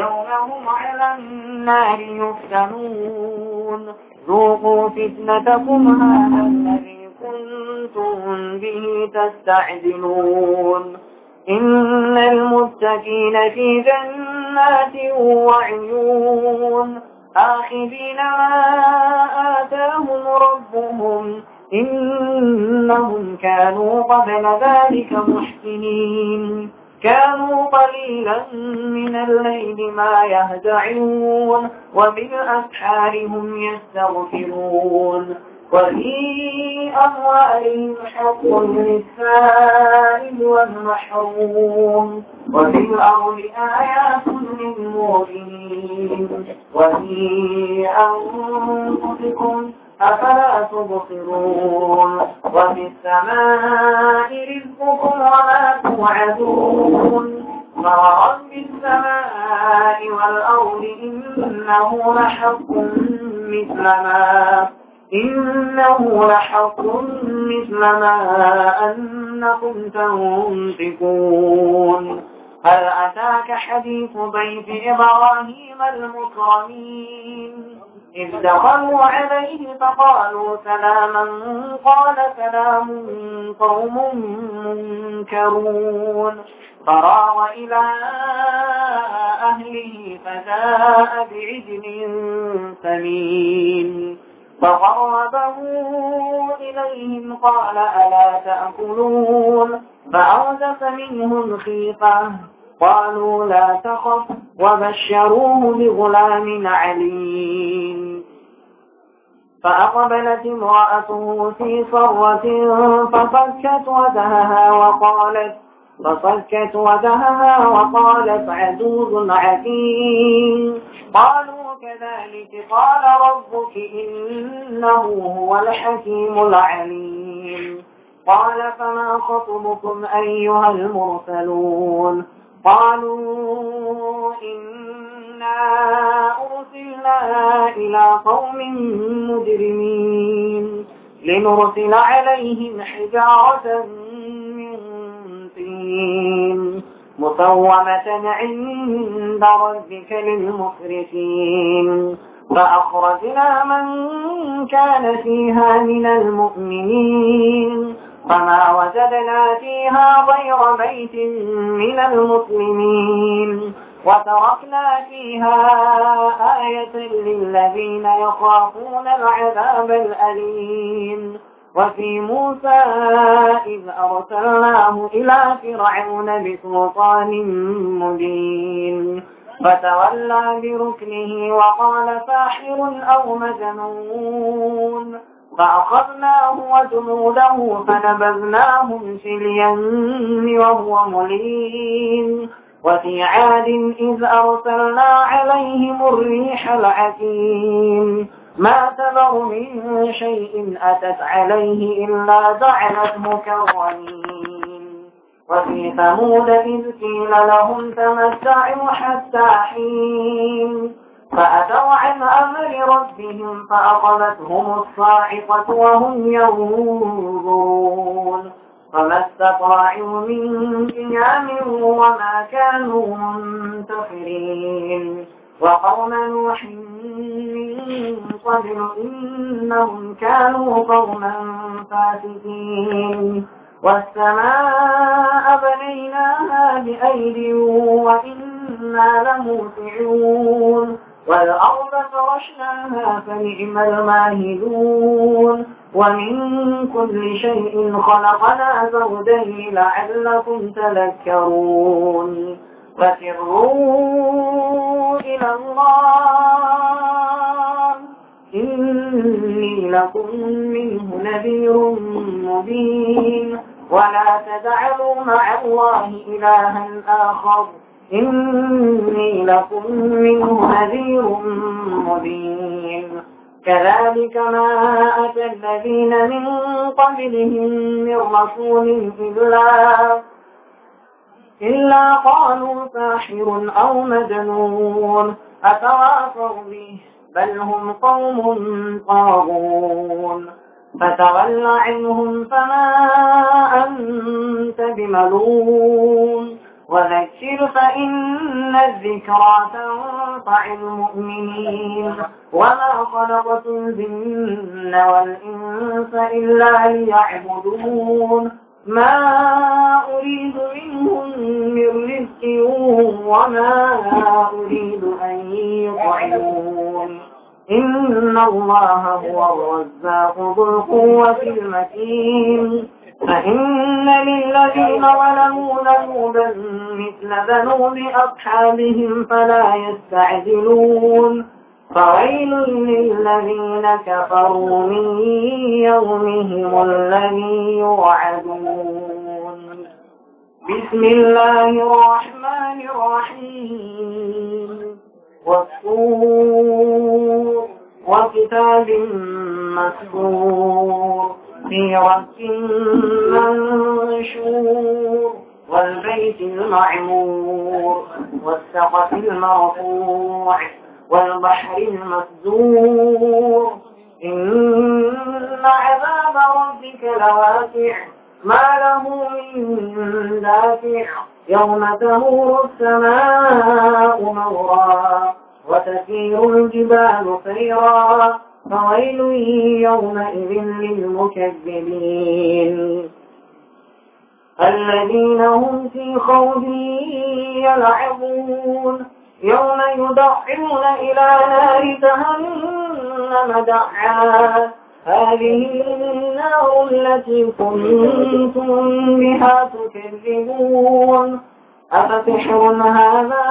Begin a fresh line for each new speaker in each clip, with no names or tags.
يوم هم على النار يفتنون ذوقوا فتنتكم هذا الذي كنتم به تستعجلون إن المتقين في جنات وعيون آخذين ما آتاهم ربهم إنهم كانوا قبل ذلك محسنين كانوا قليلا من الليل ما يهدعون وبالأسحار هم يستغفرون وفي أموالهم حق للسائل والمحروم وفي الأرض آيات للمؤمنين وفي أنفسكم أفلا تبصرون وفي السماء رزقكم وما توعدون فرب السماء والأرض إنه لحق مثل ما إنه لحق مثل ما أنكم تنطقون هل أتاك حديث بيت إبراهيم المكرمين إذ دخلوا عليه فقالوا سلاما قال سلام قوم منكرون فراغ إلى أهله فجاء بعجل سمين فقربه إليهم قال ألا تأكلون فأوجس منهم خيفة قالوا لا تخف وبشروه بغلام عليم فأقبلت امرأته في صرة فصكت وجهها وقالت فصكت وجهها وقالت عجوز عكيم قالوا كذلك قال ربك إنه هو الحكيم العليم قال فما خطبكم أيها المرسلون قالوا إنا أرسلنا إلى قوم مجرمين لنرسل عليهم حجارة من طين مسومة عند ربك للمسرفين فأخرجنا من كان فيها من المؤمنين فما وجدنا فيها غير بيت من المسلمين وتركنا فيها آية للذين يخافون العذاب الأليم وفي موسى إذ أرسلناه إلى فرعون بسلطان مبين فتولى بركنه وقال ساحر أو مجنون فأخذناه وجنوده فنبذناهم في اليم وهو مليم وفي عاد إذ أرسلنا عليهم الريح العتيم ما تذر من شيء أتت عليه إلا جعلته كرمين وفي ثمود إذ قيل لهم تمتعوا حتى حين فأتوا عن أمر ربهم فأخذتهم الصاعقة وهم ينظرون فما استطاعوا من قيام وما كانوا منتصرين وقوم نوح من قبل إنهم كانوا قوما فاسقين والسماء بنيناها بأيد وإنا لموسعون والأرض فرشناها فنعم الماهدون ومن كل شيء خلقنا زوجين لعلكم تذكرون فسروا إلى الله إني لكم منه نذير مبين ولا تدعوا مع الله إلها آخر إني لكم منه نذير مبين كذلك ما أتى الذين من قبلهم من رسول إلا إلا قالوا ساحر أو مجنون أتوافوا به بل هم قوم طاغون فتول عنهم فما أنت بملوم وذكر فإن الذكرى تنفع المؤمنين وما خلقت الجن والإنس إلا ليعبدون ما أريد منهم من رزق وما أريد أن يطعمون إن الله هو الرزاق ذو القوة المتين فإن للذين ظلموا ذنوبا مثل ذنوب أصحابهم فلا يستعجلون فويل للذين كفروا من يومهم الذي يوعدون بسم الله الرحمن الرحيم والصور وكتاب مسكور في رب منشور والبيت المعمور والسقف المرفوع والبحر المسجور إن عذاب ربك لواسع ما له من دافع يوم تمور السماء مورا وتسير الجبال سيرا فويل يومئذ للمكذبين الذين هم في خوض يلعبون يوم يدعون إلى نار جهنم دعا هذه النار التي كنتم بها تكذبون أفسحر هذا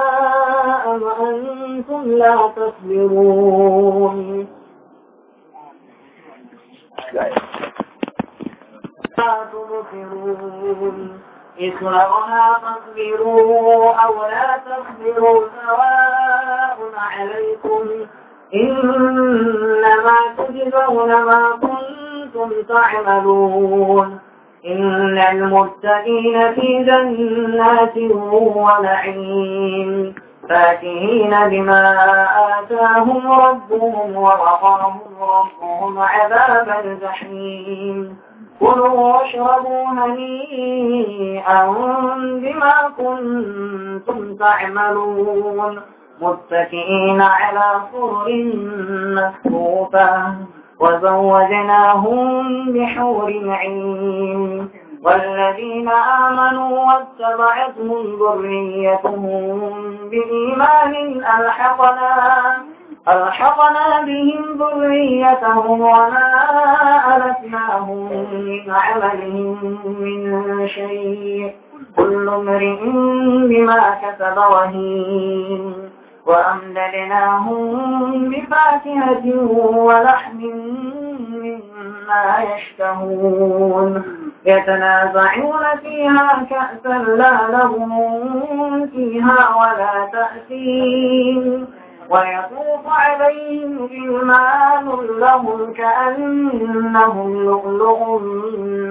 أم أنتم لا تصبرون لا تبصرون اكرهها تصبروا أو لا تصبروا سواء عليكم إنما تجزون ما كنتم تعملون إن المتقين في جنات ونعيم فاكهين بما آتاهم ربهم ووقاهم ربهم عذاب الجحيم كلوا واشربوا هنيئا بما كنتم تعملون متكئين على سرر مكفوفة وزوجناهم بحور عين والذين آمنوا واتبعتهم ذريتهم بإيمان ألحقنا ألحقنا بهم ذريتهم وما ألتناهم من عملهم من شيء كل امرئ بما كسب رهين وأمدلناهم بفاكهة ولحم مما يشتهون يتنازعون فيها كأسا لا لهم فيها ولا تأثيم ويطوف عليهم غلمان لهم كأنهم لؤلؤ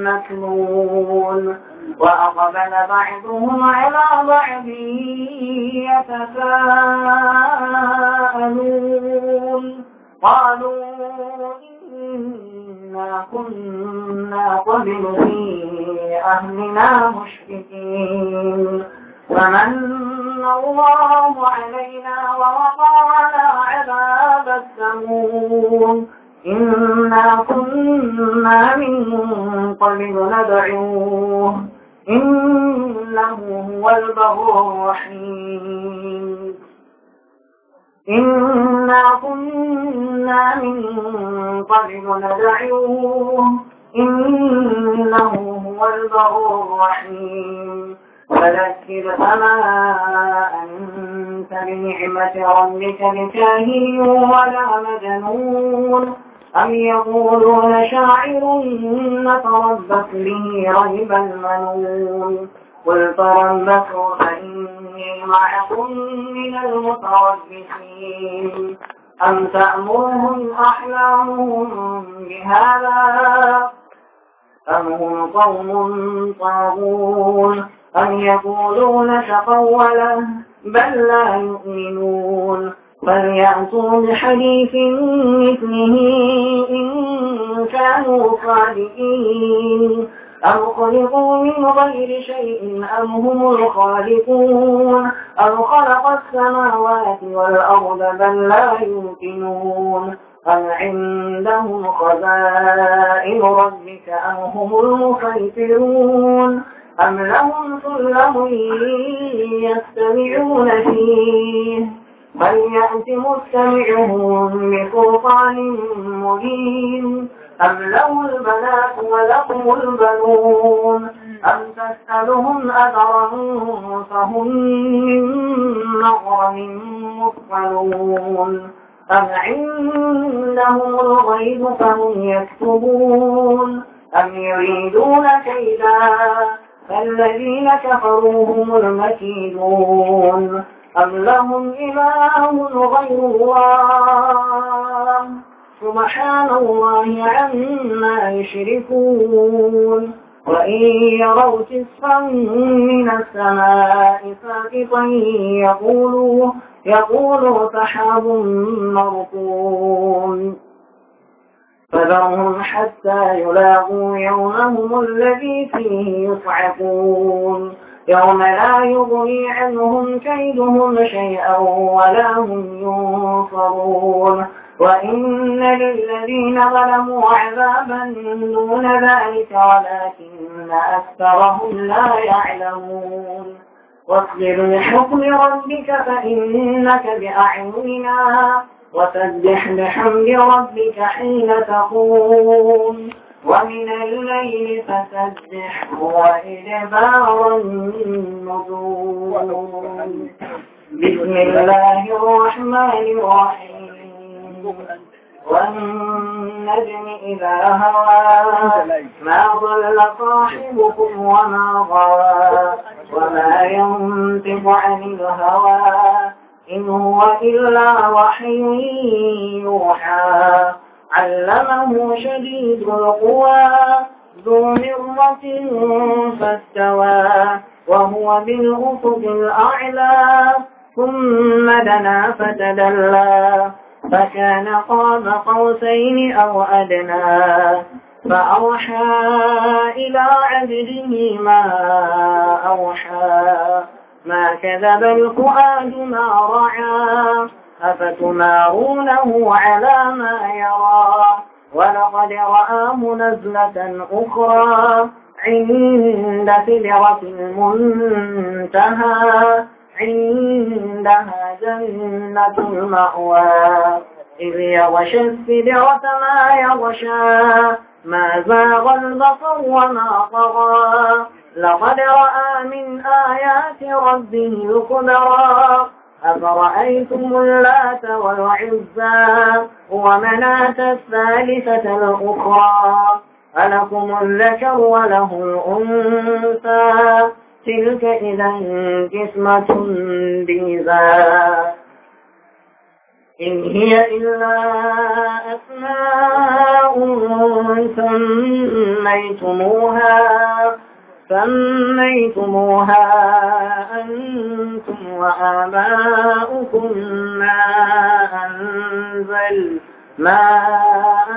مكنون وأقبل بعضهم على بعض يتساءلون قالوا إنا كنا قبل في أهلنا مشفقين فمن الله علينا ووقعنا عذاب السموم إنا كنا من قبل ندعوه إنه هو البغور الرحيم إنا كنا من قبل ندعوه إنه هو البغور الرحيم فذكر فما أنت بنعمة ربك بكاهي ولا مجنون أم يقولون شاعر نتربص به ريب المنون قل تربصوا فإني معكم من المتربصين أم تأمرهم أحلامهم بهذا أم هم قوم طاغون أم يقولون تقوله بل لا يؤمنون فليأتوا بحديث مثله إن كانوا خالقين أم خلقوا من غير شيء أم هم الخالقون أم خلق السماوات والأرض بل لا يمكنون أم عندهم خزائن ربك أم هم المسيطرون أم لهم سلم يستمعون فيه بل يأتي مستمعهم بسلطان مبين أم له البنات ولكم البنون أم تسألهم أدرهم فهم من مغرم مثقلون أم عندهم الغيب فهم يكتبون أم يريدون كيدا فالذين كفروا هم المكيدون أم لهم إله غير الله سبحان الله عما يشركون وإن يروا كسفا من السماء ساقطا يقولوا يقولوا سحاب مرقوم فذرهم حتى يلاقوا يومهم الذي فيه يصعقون يوم لا يغني عنهم كيدهم شيئا ولا هم ينصرون وإن للذين ظلموا عذابا دون ذلك ولكن أكثرهم لا يعلمون واصبر لحكم ربك فإنك بأعيننا وسبح بحمد ربك حين تقوم ومن الليل فسبحه وإدبار النجوم بسم الله الرحمن الرحيم والنجم إذا هوى ما ضل صاحبكم وما غوى وما ينطق عن الهوى إن هو إلا وحي يوحى علمه شديد القوى ذو مرة فاستوى وهو بالأفق الأعلى ثم دنا فتدلى فكان قام قوسين أو أدنى فأوحى إلى عبده ما أوحى ما كذب الفؤاد ما رعى أفتمارونه على ما يرى ولقد رآه نزلة أخرى عند سدرة المنتهى عندها جنة المأوى إذ يغشى السدرة ما يغشى ما زاغ البصر وما طغى لقد رأى من آيات ربه الكبرى أفرأيتم اللات والعزى ومناة الثالثة الأخرى ألكم الذكر وله الأنثى تلك إذا قسمة بيزا إن هي إلا أسماء سميتموها سميتموها أنتم وآباؤكم ما أنزل ما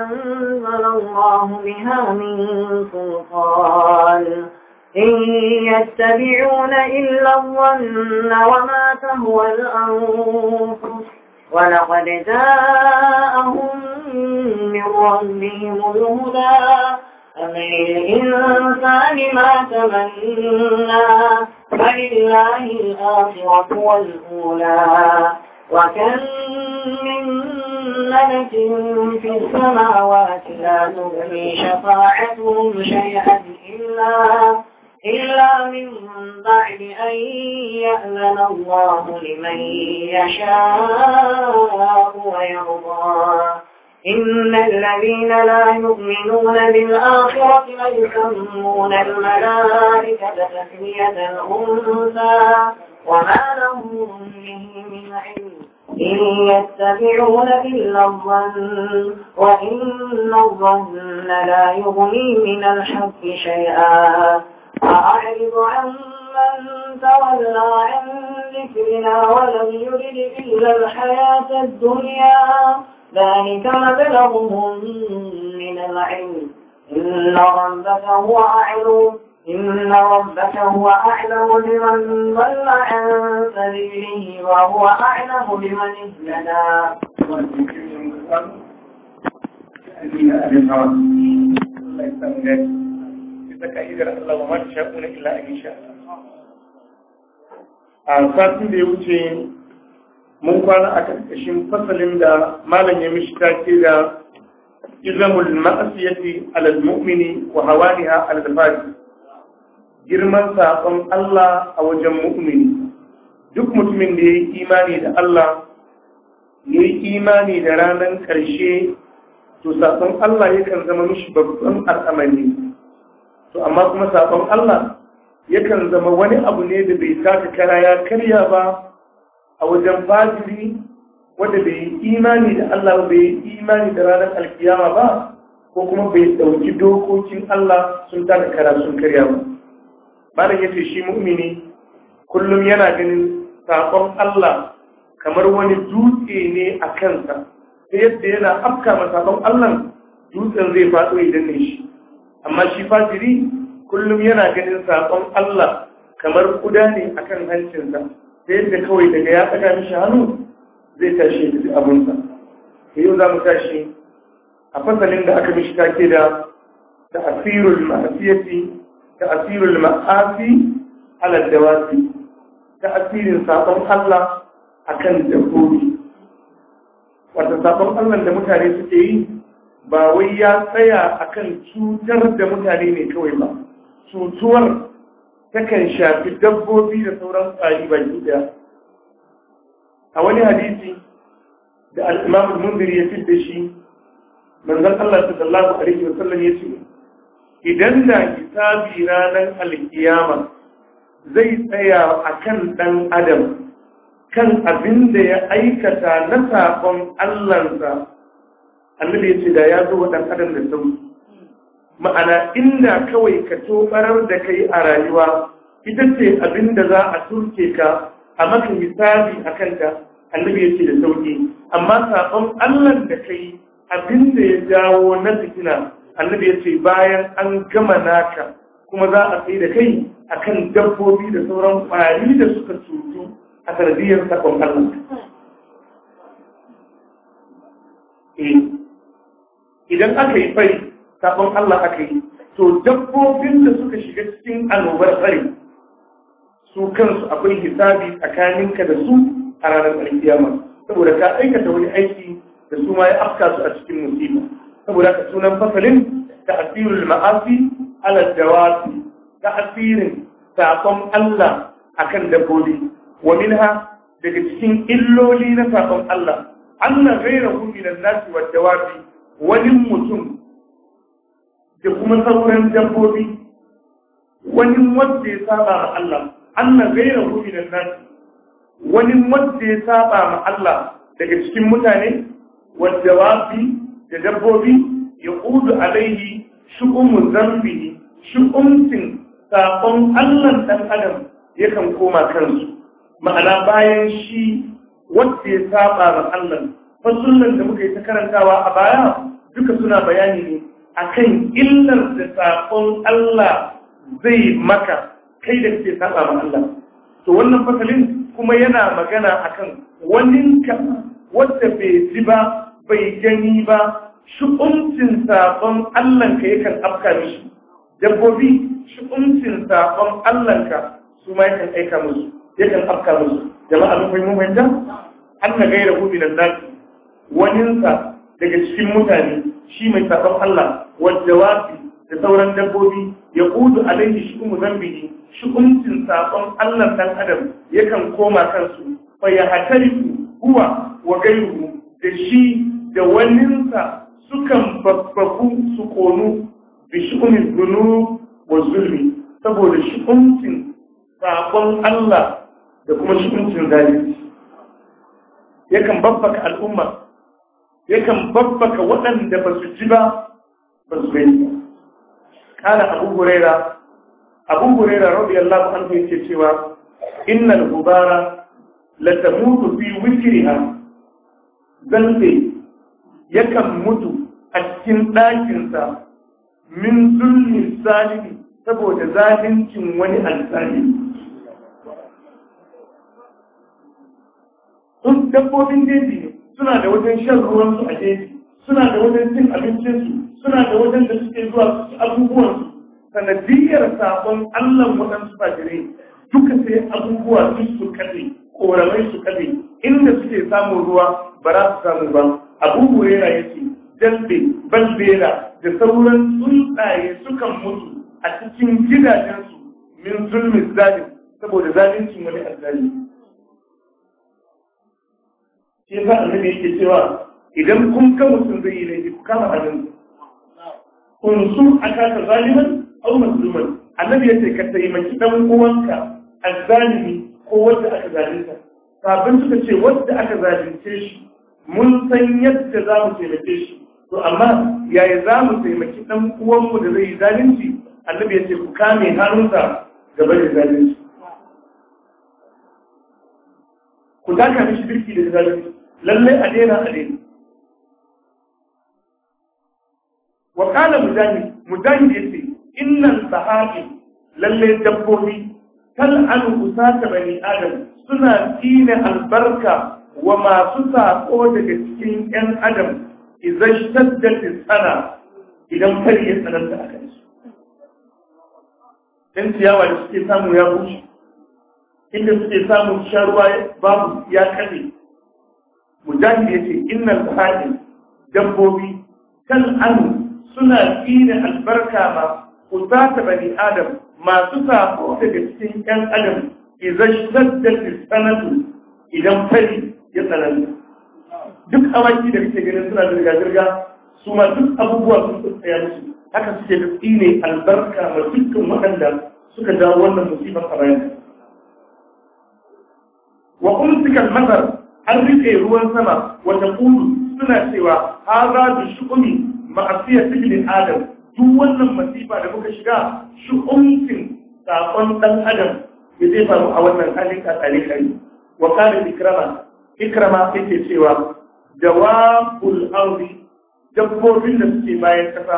أنزل الله بها من سلطان إن يتبعون إلا الظن وما تهوى الأنفس ولقد جاءهم من ربهم الهدى فللإنسان ما تمنى فلله الآخرة والأولى وكم من ملك في السماوات لا تغني شفاعتهم شيئا إلا إلا من بعد أن يأذن الله لمن يشاء ويرضى إن الذين لا يؤمنون بالآخرة ليسمون الملائكة تسمية الأنثى وما لهم به من علم إن يتبعون إلا الظن وإن الظن لا يغني من الحق شيئا فأعرض عن من تولى عن ذكرنا ولم يرد إلا الحياة الدنيا ذلك مبلغهم من العلم إن ربك هو أعلم إن ربك هو أعلم بمن ضل عن سبيله وهو أعلم بمن اهتدى
a satin da ya wuce mun kwana a ƙarƙashin fasalin da malam ya mishi take da izamul ma'asiyati alal mu'mini wa hawaniha alal fadi girman saƙon Allah a wajen mu'mini duk mutumin da ya yi imani da Allah ya yi imani da ranar ƙarshe to saƙon Allah yakan zama mishi babban al'amari to amma kuma saƙon Allah yakan zama wani abu ne da bai taka kara ya karya ba a wajen fajiri wanda bai yi imani da Allah bai yi imani da ranar alkiyama ba ko kuma bai dauki dokokin Allah sun taka kara sun karya ba malam ce shi mu'mini kullum yana ganin sakon Allah kamar wani dutse ne a kansa ta yadda yana afka ma sakon Allah dutsen zai faɗo idan ne shi amma shi fajiri kullum yana ganin sakon Allah kamar kuda ne a kan hancinsa ta yadda kawai daga ya tsaka mishi hannu zai tashi da abunsa abinsa ta yau za mu tashi a fasalin da aka mishi take da ta asirul ma'asiyati ta asirul ma'asi alal dawasi ta asirin sabon Allah akan dabbobi wata sabon Allah da mutane suke yi ba wai ya tsaya akan cutar da mutane ne kawai ba cutuwar takan shafi dabbobi da sauran tsari ba daya a wani hadisi da al-imam al-munzir ya fidda shi manzan Allah a rikin wasallam ya ce idan da hisabi ranar alkiyama zai tsaya a kan ɗan adam kan abin da ya aikata na saƙon Allansa. annabi ya ce da ya zo wa ɗan adam da sauki. ma'ana inda kawai ka tobarar da kai a rayuwa ita ce abin da za a turke ka a maka hisabi a kanta annabi ya ce da sauƙi, amma sabon allah da kai abin da ya jawo na fitina annabi ya ce bayan an gama naka kuma za a sai da kai a kan dabbobi da sauran kwari da suka cutu a sanadiyar sabon allah eh, idan aka yi fari sabon Allah aka yi to dabbobin da suka shiga cikin annobar tsari su kansu akwai hisabi tsakaninka da su a ranar alkiyama saboda ka aikata wani aiki da su ma ya afka su a cikin musiba saboda ka sunan fasalin ta asirul ma'asi ala dawasi ta asirin sakon Allah akan dabbobi wa minha daga cikin illoli na sakon Allah Allah ghaira hu min an-nasi wad dawabi wani mutum da kuma sauran dabbobi wani wanda ya saba ma Allah annan gaira hu da nas wani wanda ya saba ma Allah daga cikin mutane wanda wafi da dabbobi ya kudu alaihi zarfi, shi shu'umtin sakon Allah dan adam yakan koma kansu ma'ana bayan shi wanda ya saba ma Allah fasullan da muka yi ta karantawa a baya duka suna bayani ne akan illar da saƙon Allah zai maka kai da ke saba ma Allah to wannan fasalin kuma yana magana akan waninka wadda bai ji ba bai gani ba shi'uncin saƙon Allahnka yakan afka mishi dabbobi shi'uncin saƙon Allahnka su ma yakan aika musu yakan afka musu jama'a mun fahimta an na gaira hu minan waninsa daga cikin mutane shi mai saƙon Allah Wadda watsi da sauran dabbobi ya ƙudu alaihe shi kuma zan bi ni. saƙon Allah ɗan adam ya kan koma kansu. Fa ya haƙari ku ruwa wa gai Da shi da waninsa su kan babba ku su konu. Bishimunis na nuna wa zunubi. Saboda shukuncin saƙon Allah da kuma shukuncin dalilin ya kan babbaka al'umma, ya kan babbaka waɗanda ba su ji ba. zubairi kana abu huraira abu huraira radiyallahu anhu yace cewa innal gubara la tamutu fi wikriha zalfe yakan mutu a cikin ɗakinsa min zulmin zalimi saboda zalincin wani alzalimi sun dabbobin jeji suna da wajen shan ruwansu a jeji suna da wajen cin abincinsu suna da wajen da suke zuwa su abubuwansu sanadiyar sabon allah waɗansu fajirai duka sai abubuwa duk su kaɗe koramai su kaɗe inda suke samun ruwa ba za su samu ba abubuwa ya yake jalbe balbera da sauran tsuntsaye sukan mutu a cikin gidajensu min zulmin zalim saboda zalincin wani azzali. Shi yasa annabi yake cewa idan kun ga mutum zai yi laifi kuka ba hannun kun su aka ka zaliman au mazluman annabi ya ce ka taimaki dan uwanka azzalimi ko wanda aka zalunta sabin suka ce wanda aka zalunce shi mun san yadda za mu taimake shi to amma yaya za mu taimaki dan uwanmu da zai yi zalunci annabi ya ce ku kame hannunsa gaba da zalunci ku daka mishi birki da zalunci lallai a daina a daina wa qala mujahid mujahid yace innal sahabi lalle dabbobi kal kusa usata bani adam suna tsine albarka wa masu sako daga cikin yan adam idan shaddat tsana idan kar ya tsananta a kansu dan ciyawa da suke samu ya bushe inda suke samun sharuwa babu ya kade mujahid yace innal sahabi dabbobi kal an suna tsine albarka ma ku ta bani adam masu sako daga cikin ƴan adam idan da sanatu idan fari ya tsananta duk awaki da kake ganin suna zirga-zirga su ma duk abubuwa sun tsaya musu haka suke da tsine albarka ma dukkan waɗanda suka dawo wannan musiba a bayan wa umsikal matar an rike ruwan sama wata kudu suna cewa haza bi shukumi ma'asiyar sijilin adam duk wannan masifa da muka shiga shi umfin sakon dan adam ya zai faru a wannan halin tsari kai wa kana ikrama ikrama yake cewa jawabul auri dabbobin da suke bayan kasa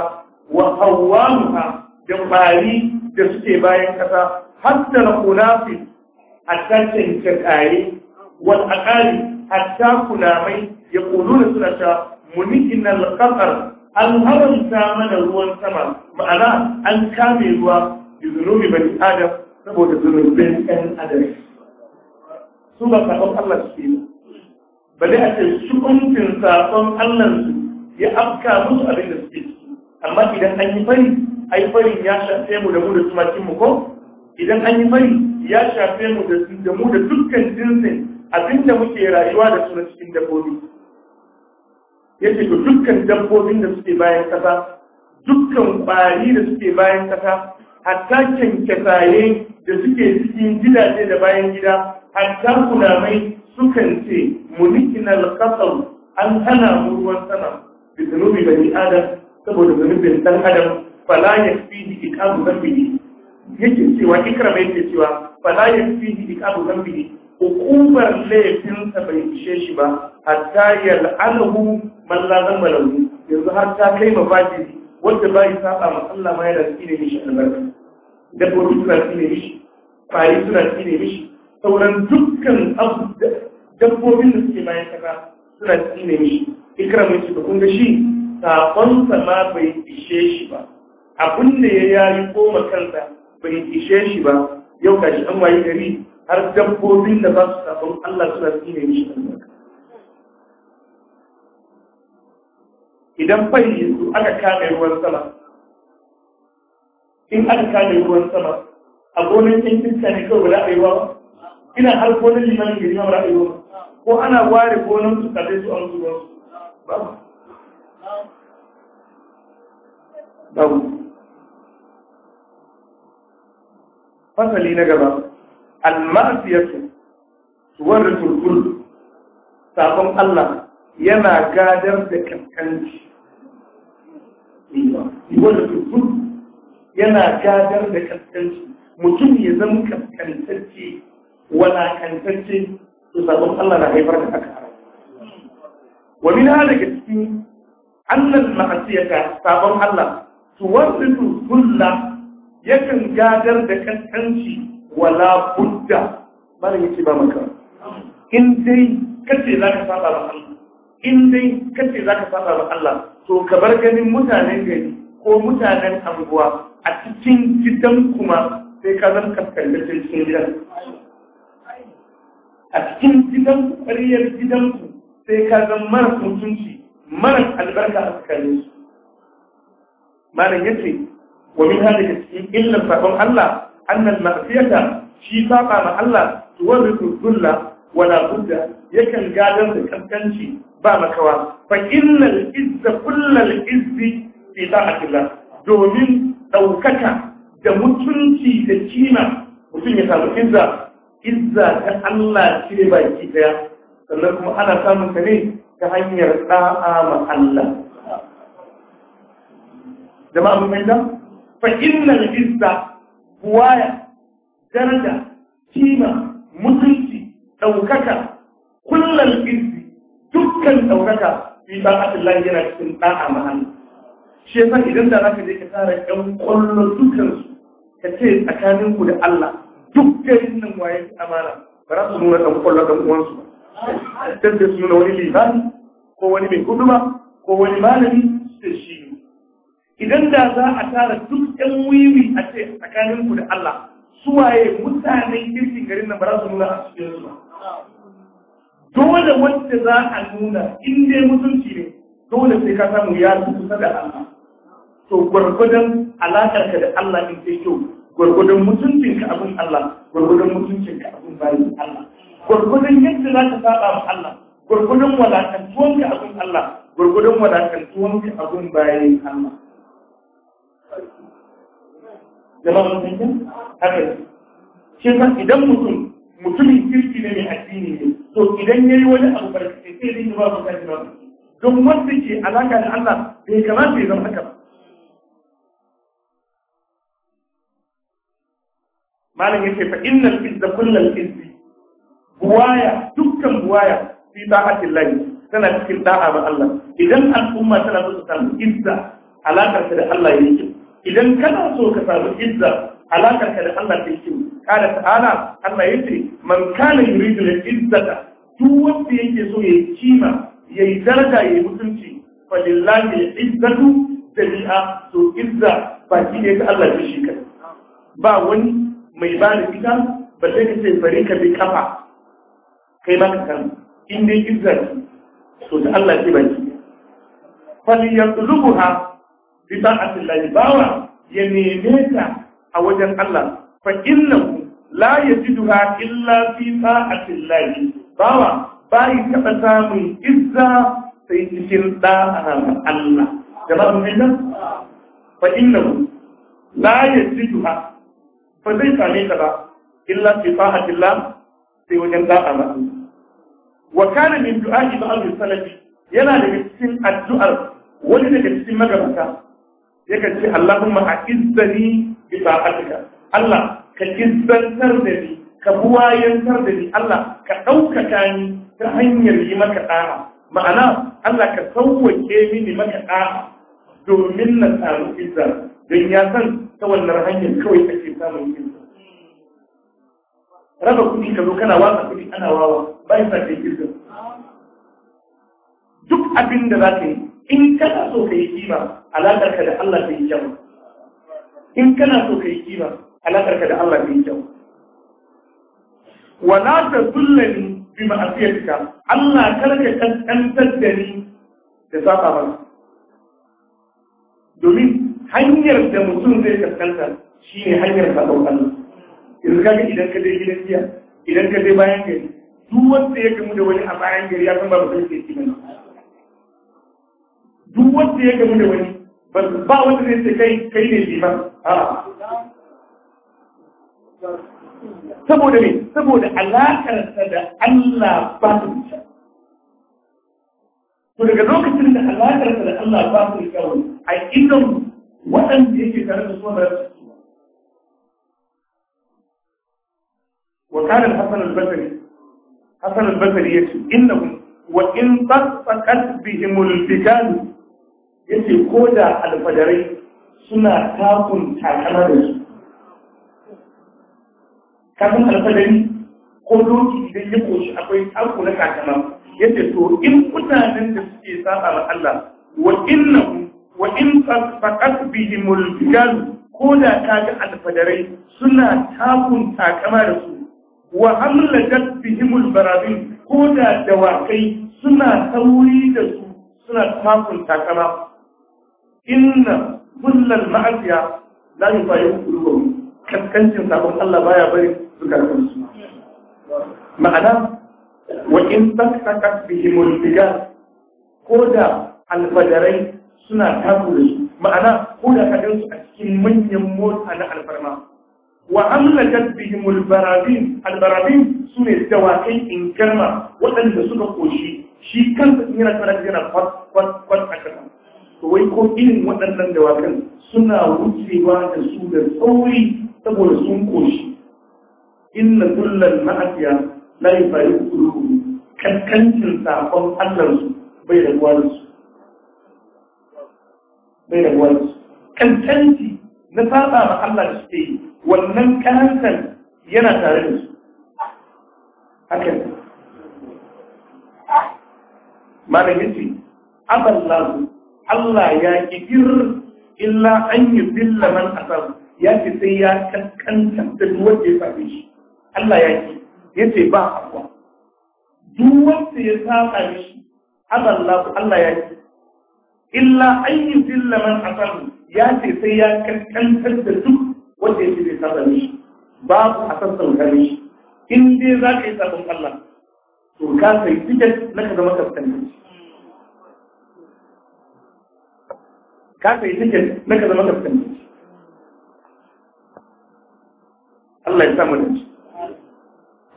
wa hawwamuha da da suke bayan kasa hatta na kunafi hatta cancakare wal akari hatta kunamai ya kuluna suna ta munikin alqatar an haramta mana ruwan sama ma'ana an kame ruwa da zunubi bani adam saboda zunubin ɗan adam su ba sabon Allah su yi dai a ce shukuncin sabon Allah su ya afka musu abin da suke amma idan an yi fari yi farin ya shafe mu da mu da tumakin mu ko idan an yi fari ya shafe mu da mu da dukkan jinsin abinda muke rayuwa da su na cikin dabbobi ce to dukkan dabbobin da suke bayan kasa dukkan ƙwari da suke bayan kasa hatta kyankyasaye da suke cikin gidaje da bayan gida hatta kunamai sukan ce munikin alƙasar an hana ruwan sama da zunubi bani adam saboda zanubin dan adam fala da ikamu zambihi yake cewa bai ke cewa fala da ikamu zambihi hukumar laifinsa bai ishe shi ba hatta yal'anahu man la zamba lahu yanzu har ta kai mafadi wanda ba ya saba ma Allah ma yana tsine mishi albarka dabbobi suna tsine mishi fari suna tsine mishi sauran dukkan dabbobin da suke bayan kasa suna tsine mishi ikram yace da kun ga shi sakonsa ma bai ishe shi ba abin da ya yayi koma kansa bai ishe shi ba yau gashi an wayi gari har dabbobin da za su sabon Allah suna tsine mishi shi. idan fai yanzu aka kame ruwan sama in aka kame ruwan sama a gonar yan kinta ne kawai ba ra'ayi ba ina har gonan limanin gari ba ra'ayi ba ko ana ware gonar su kaɗai su an zuwa su ba ba fasali na gaba almasiyatu warisul gurb sabon Allah yana gadar da kankanci warisul gurb yana gadar da kaskanci. mutum ya zama kankantacce walakantacce to sabon Allah na haifar da haka wa min daga cikin annal ma'asiyata sabon Allah tuwarrisu kulla yakan gadar da kaskanci. wala budda malam yake ba maka in dai kace za ka saba wa Allah in dai kace za ka saba wa Allah to ka bar ganin mutanen gari ko mutanen anguwa a cikin gidan kuma sai ka zan kaskantar cikin gidan a cikin gidan ƙwariyar ku, sai ka zan mara mutunci mara albarka a tsakanin su malam yace wa min hada cikin illan sabon Allah annal ma'siyata shi saba ma Allah tuwarridu dhulla wala budda yakan gadar da kankanci ba makawa fa innal izza kullal izzi fi ta'atillah domin daukaka da mutunci da kima mutum ya samu izza izza ta Allah ce baki daya sannan kuma ana samun ta ne ta hanyar da'a ma Allah jama'a mun fahimta fa innal izza buwaya daraja kima mutunci ɗaukaka kullal izzi dukkan ɗaukaka fi ba a tilla yana cikin ɗa'a mahalli shi yasa idan da zaka je ka tara ƴan ƙwallo dukkan su ka ce tsakanin ku da Allah dukkanin nan waye amana ba za su nuna ɗan ƙwallo ɗan uwansu ba sai su nuna wani limani ko wani mai guduma ko wani malami su shi idan da za a tara duk ɗan wiwi a ce tsakaninku da Allah suwaye mutanen kirki garin nan ba za su nuna a cikin su dole wanda za a nuna in dai mutunci ne dole sai ka samu ya kusa da Allah to gwargwadon alakarka da Allah in sai kyau gwargwadon ka abin Allah gwargwadon ka abin bayan Allah gwargwadon yadda za ka saba ma Allah gwargwadon ka abin Allah gwargwadon ka abin bayan Allah zama mun fahimta haka idan mutum mutumin kirki ne mai addini ne to idan ya yi wani abu barkatai sai dai ba mutane ba don wanda ke alaka da Allah bai kamata ya zama haka ba malam yace fa innal izza kullal izzi buwaya dukkan buwaya fi ta'atil lahi tana cikin da'a ba Allah idan al'umma tana so ta samu izza alakar da Allah yake idan kana so ka samu izza alaka ka da Allah ta yi kada ta'ala Allah yace man kana yuridu al-izzata duk wanda yake so ya kima ya yi daraja ya mutunci fa lillahi al-izzatu tabi'a to izza baki ne ta Allah ta shi kai ba wani mai ba da ita ba sai ka ce bari ka bi kafa kai ma ka san in dai izza to ta Allah ce baki fa liyatlubuha bi ta'atillahi bawa ya neme ta a wajen Allah fa innahu la yajiduha illa fi ta'atillahi bawa bai taɓa samun izza sai cikin da'a Allah jama'a mun nan fa innahu la ya yajiduha fa zai same ta ba illa fi ta'atillah sai wajen da'a ma Allah wa kana min du'a'i ba'd salafi yana da cikin addu'ar wani daga cikin magabata yakan ce Allahumma a'izzani bi ta'atika Allah ka izzantar da ni ka buwayantar da ni Allah ka ɗaukaka ni ta hanyar yi maka ɗa'a ma'ana Allah ka sauwake mini maka ɗa'a domin na samu izza don ya san ta wannan hanyar kawai ake samun izza raba kuɗi ka zo kana watsa kuɗi ana wawa bayan sa izza duk abin da za ka yi in kana so ka yi kima alaƙarka da Allah ta yi kyau in kana so ka yi kima alaƙarka da Allah ta yi kyau wala ta zullani bi ma'asiyatika Allah karka ƙanƙantar da ni da saba ba domin hanyar da mutum zai ƙanƙanta shi ne hanyar sabon Allah yanzu kaga idan ka dai gidan giya idan ka dai bayan gari duk wanda ya gamu da wani a bayan gari ya san ba mutum ke kima. duk wanda ya gamu da wani بس بعض الناس كي كي يجي بس ها سبوده مين سبوده الله كان سدى الله بانش كل جدول كتير ده الله كان سدى الله بانش الكون أي إنهم وطن يجي كذا بسوا وكان الحسن البصري حسن البصري يقول إنهم وإن تصفقت بهم الفتان yace ko da alfadarai suna takun takama da su kafin alfadari ko doki idan ya koshi akwai taku na takama yace to in mutanen da suke saba ma Allah wa inna wa in faqat al jibal ko da kaga alfadarai suna takun takama da su wa bihim al barabin ko da dawakai suna tauri da su suna takun takama inna kullal ma'asiya la yufayu qulubuhum kaskancin sabon Allah baya bari zukatan su ma'ana wa in taktaka bihim al-bigar alfadarai suna taku da su ma'ana koda haɗinsu su a cikin manyan mota na alfarma wa amlakat bihim al-barabin al-barabin sune dawakai in karma waɗanda suka koshi shi kansa in yana tsara yana kwat kwat kwat to wai ko irin waɗannan dawakan suna wucewa da su da sauri saboda sun koshi inna kullal ma'asiya la yufari kullu kankancin sakon Allah su bai da gwalin su bai da gwalin su kankanci na saba ma Allah da suke wannan kankan yana tare da su haka malamin ce aballahu Allah ya ki gir illa an yi billa man asabu ya ce sai ya kankanta da wajen ya same shi Allah ya ki ya ce ba abuwa duk wanda ya saba shi Allah Allah ya ki illa an yi billa man asabu ya ce sai ya kankanta da duk wanda ya ce saba shi babu a sassan kare shi in dai za ka yi sabon Allah to ka sai tiket na ka zama kaskanci ka sai tiket na ka zama kaftan Allah ya samu da shi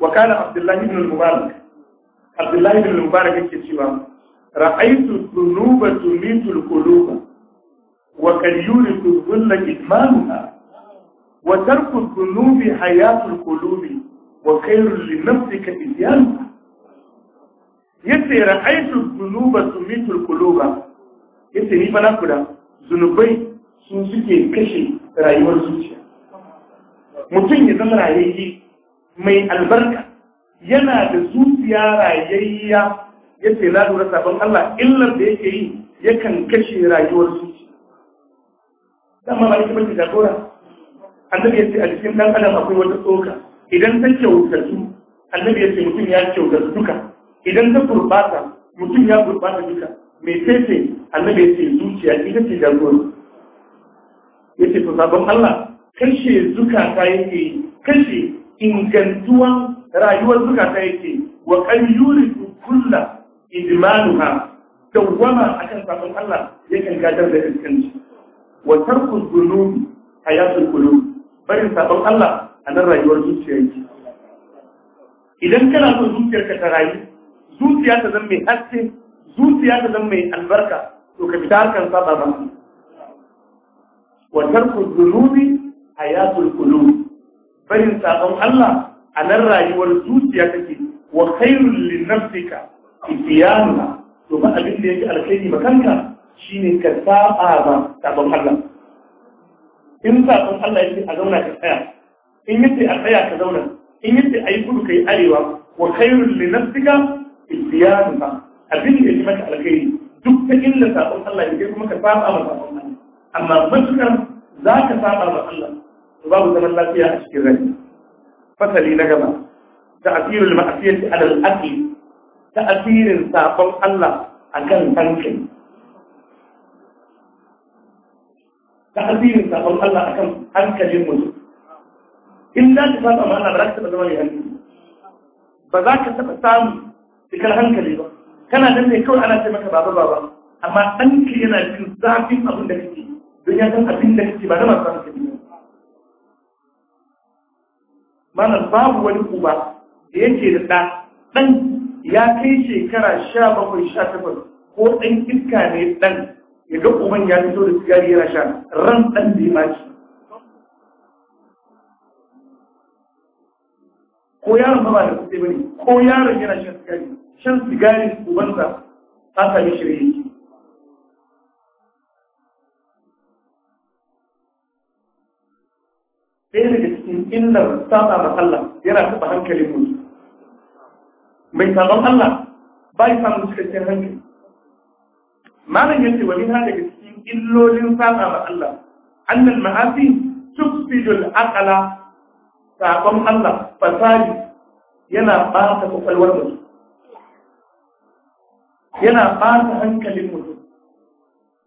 wa kana Abdullahi ibn mubarak Abdullahi ibn al-Mubarak yake cewa ra'aytu dhunuba tumitu al-quluba wa kad yuriku dhulla kitmanuha wa tarku dhunubi hayatul qulubi wa khairul li nafsika idyanuha yace ra'aytu dhunuba tumitu al-quluba yace ni fa na kuda zunubai sun suke kashe rayuwar zuciya mutum ya zama rayayye mai albarka yana da zuciya rayayya ya ce na lura sabon Allah illar da yake yi yakan kashe rayuwar zuciya dama ba ita mace jagora annabi ya ce a cikin dan adam akwai wata tsoka idan ta kyautatu annabi ya ce mutum ya kyautatu duka idan ta gurbata mutum ya gurbata duka mai fefe annabi ya ce zuciya ita ce jagoro ya ce to sabon Allah kashe zukata yake kashe ingantuwan rayuwar zukata yake wa kan yuri kulla idmanuha dawwama akan sabon Allah yakan gadar da iskanci wa tarku dhunub hayatul qulub barin sabon Allah a nan rayuwar zuciya yake idan kana son zuciyarka ta rayu zuciya ta zama mai haske zuciya ta zama mai albarka to ka fita harkar saba ba wa tarku dhunubi hayatul qulub barin sabon Allah a nan rayuwar zuciya take wa khairul li nafsika isyana to ba abin da yake alkhairi ba kanka shine ka saba ba sabon Allah in sabon Allah yake a zauna ka tsaya in yace a tsaya ka zauna in yace ayi kudu kai arewa wa khairul li nafsika isyana abin da yake maka alkhairi ta illa sabon Allah ne kuma ka saba ma sabon Allah amma matukar za ka saba ma Allah to babu zaman lafiya a cikin rai fasali na gaba ta'asirul ma'asiyati ala al-aqli ta'asirin sabon Allah akan hankali ta'asirin sabon Allah akan hankalin mutum in za ka saba ma Allah ba za ka zama mai hankali ba za ka taɓa samu cikar hankali ba kana nan ne kawai ana ce maka baba baba amma ke yana jin zafin abin da kake don ya san abin da kake ba na masu samun kake mana babu wani uba da yake da ɗa ɗan ya kai shekara sha bakwai sha takwas ko ɗan iska ne ɗan ya ga uban ya fito da sigari yana sha ran ɗan da ya mace. ko yaron ba da kuɗi ba ne ko yaron yana shan sigari shan sigari ubansa ta sami shirye ɗaya daga cikin illar saba ma Allah yana taɓa hankalin mai sabon Allah ba ya cikakken hankali malam yace cikin illolin saba ma Allah annal ma'asi tufsidul akala. sabon Allah fasari yana ba ta kwakwalwar mutum yana ba ta hankalin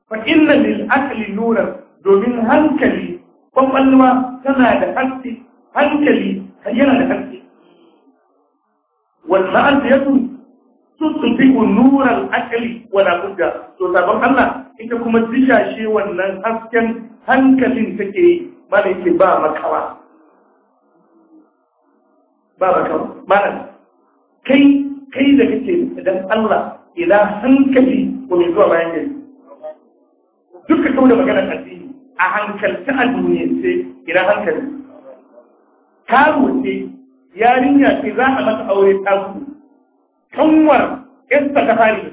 fa inna lil aqli nuran domin hankali kwakwalwa tana da haske hankali yana da haske Wanda an sun su tuttufi nuran akali wala hujja to sabon Allah ita kuma dishashe wannan hasken hankalin take yi mana yake ba makawa ba makawa mana kai kai da kake idan Allah ila hankali ko mai zuwa bayan gari duka kawo da maganar addini a hankalta a duniyance ina hankali karo ce yarinya ce za a mata aure ta su kanwar yasta ta fari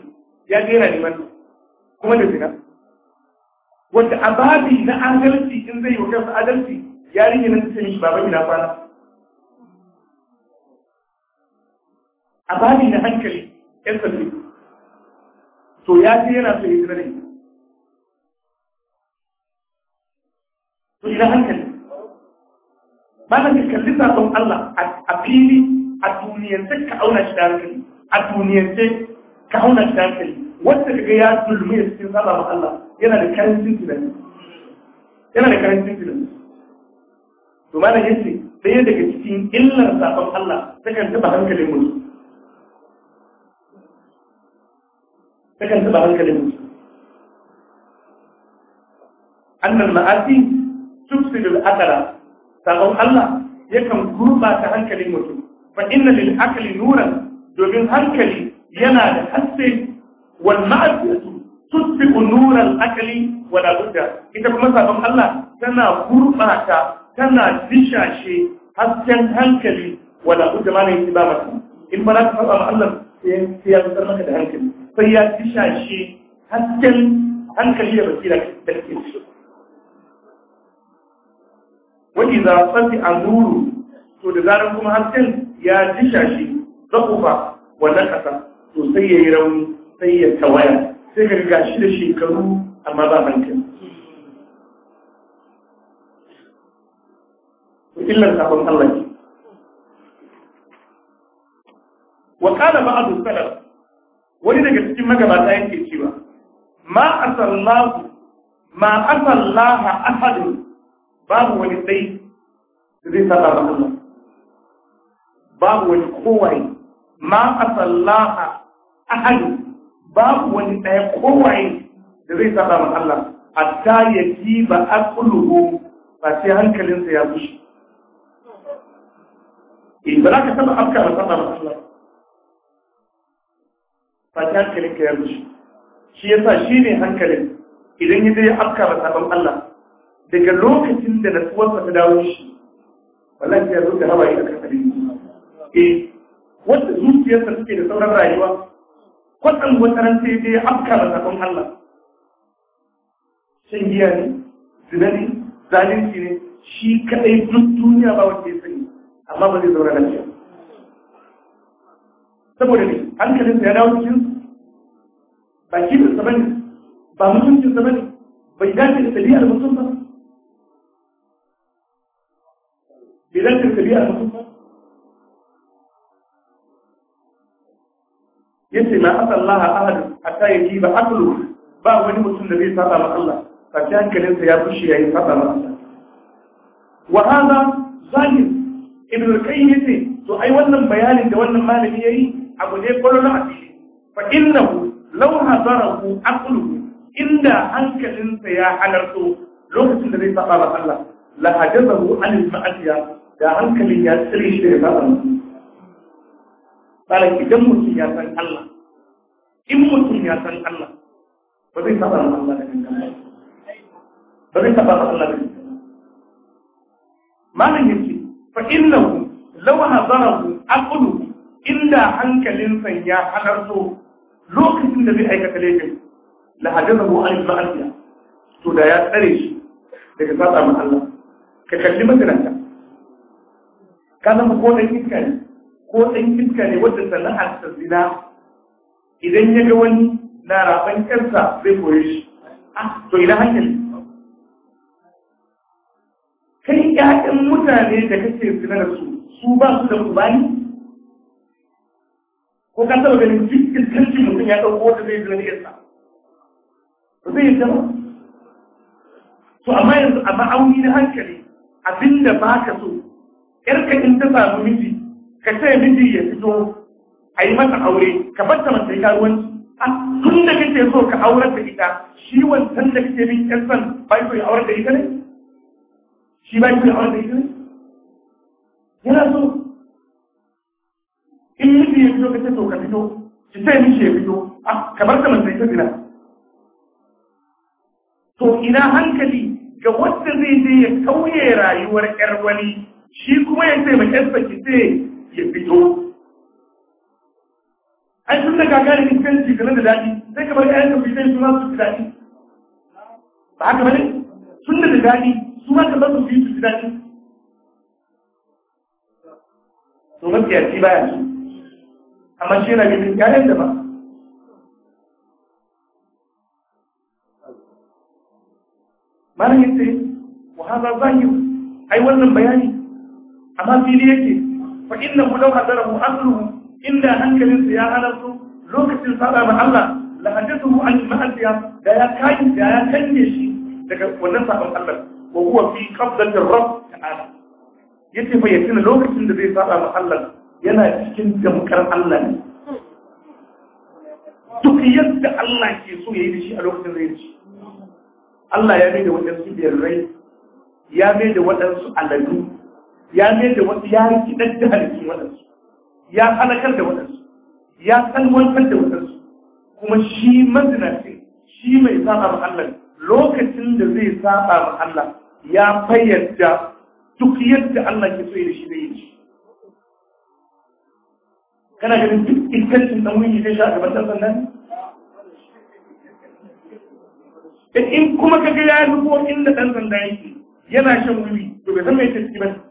ya jera neman kuma da zina wanda a babi na adalci in zai yi wa kansa adalci yarinya nan ta yi baban yana kwana a babi na hankali yasta ne to ya ce yana so ya zina ne ila hankali ba ka kalli sabon Allah a fili a duniyance ka auna shi da hankali a duniyance ka auna shi da hankali wanda kaga ya zulmi ya cikin sabon Allah yana da karancin tunani yana da karancin tunani to malam yace ɗaya daga cikin illar sabon Allah takan taɓa hankalin mutum kan taɓa hankalin mutum annal ma'asi da akala sabon Allah yakan gurɓata hankalin mutum fa inna lil akli nuran domin hankali yana da haske wal ma'rifatu tusbiqu nuran akli wala budda ita kuma sabon Allah tana gurɓata tana dishashe hasken hankali wala budda ma ne ba mata in ba za ka saba Allah sai ya fitar maka da hankali sai ya dishashe hasken hankali da basira da kake so wani za tsanti an nuru to da zarar kuma hasken ya disha shi zaƙufa wannan kasa to sai ya yi rauni sai ya tawaya sai ka ga shi da shekaru amma ba hankali illan sabon Allah ne wa kana abu salaf wani daga cikin magabata yake cewa ma asallahu ma asallaha ahadun babu wani sai zai saba ba Allah babu wani kowaye ma a ahadu babu wani ɗaya kowaye da zai saba ma Allah ta ya ji ba akuluhu ba sai hankalinsa ya bushe eh, ba za ka saba afka ba saba ma Allah ba sai hankalinka ya bushe shi yasa shi ne hankalin idan ya zai afka ba saban Allah daga lokacin da natsuwarsa ta dawo shi wallahi ya zo da hawaye da kasarin eh wanda zuciyarsa suke da sauran rayuwa kwatsan ran sai dai afka da sakon Allah shan giya ne zina ne zalunci ne shi kadai duk duniya ba wanda ya sani amma ba zai zauna lafiya saboda ne hankalinsa ya dawo cikin ba kibinsa ba ba mutuncin ba ne bai dace da tabi'ar mutum ba idan ka tabi a mutum yace la asallaha ahad hatta yaji ba aklu ba wani mutum da zai saba ma Allah kace hankalin sa ya fushi yayi saba ma Allah wa hada zahir ibn al-qayyim yace to ai wannan bayanin da wannan malami yayi abu ne kwallon asiri fa innahu law hadarahu aqluhu inda hankalin sa ya halarto lokacin da zai saba ma Allah la hajazahu an al-ma'asiya da hankalin ya tsiri shi da ba Ba idan mutum ya san Allah in mutum ya san Allah ba zai saba ma Allah da kankan ba zai saba ma Allah da kankan malam yace fa innahu law hazarahu aqlu inda hankalin sa ya so lokacin da zai aikata laifin la hadarahu an ma'asiya to da ya tsare shi daga saba ma Allah ka kalli magana ka zama ko ɗan iska ne ko ɗan iska ne wadda sana'ar ta zina idan ya ga wani na raɓan kansa zai koye shi ah, to ina hankali kai ƴaƴan mutane da kake zina da su su ba su da kubani ko kan taɓa ganin duk iskanci mutum ya ɗauko wata zai zina da yasa ba zai yi ba to amma yanzu a ma'auni na hankali abinda ba ka so yarka in ta samu miji ka ce miji ya fito a yi masa aure ka bar ta mace karuwanci tun da kake so ka aurar da ita shi wancan da kake bin ƴan san ba so ya aurar da ita ne shi ba so ya aurar da ita ne yana so in miji ya fito ka ce to ka fito ki ce miji ya fito ka bar ta mace ita zina to ina hankali ga wanda zai je ya kauye rayuwar ƴar wani shi kuma ya ce mai yasa ki ce ya fito ai sun da gagarin in kan ci da daɗi sai ka bar ƴaƴan ka fito su ma su fi daɗi ba haka bane sun da daɗi su ma ka bar su fito su ji daɗi to gaskiya ci baya su amma shi yana ganin ƴaƴan da ba malamin sai wa haza zahir ai wannan bayani amma fili yake fa inna hu law hadarahu aqluhu inda hankalinsa ya halarto lokacin saba ma Allah la hadathu an ma'asiya da ya kai da ya shi daga wannan saban Allah wa huwa fi qabdati rabb ta'ala yace fa lokacin da zai saba ma Allah yana cikin damkar Allah ne duk yadda Allah ke so yayi da shi a lokacin zai ci Allah ya mai da waɗansu biyarrai ya mai da wadansu aladu ya mai da wasu ya yi da halittu waɗansu ya halakar da waɗansu ya salwantar da waɗansu kuma shi mazinaci shi mai saba ma Allah lokacin da zai saba ma Allah ya fayyada duk yadda Allah ke so ya shi zai yi kana ganin duk inkancin dan wuyi zai sha a gaban sannan in kuma ka ga ya nufo inda dan sanda yake yana shan wuyi to bai san mai tafi ba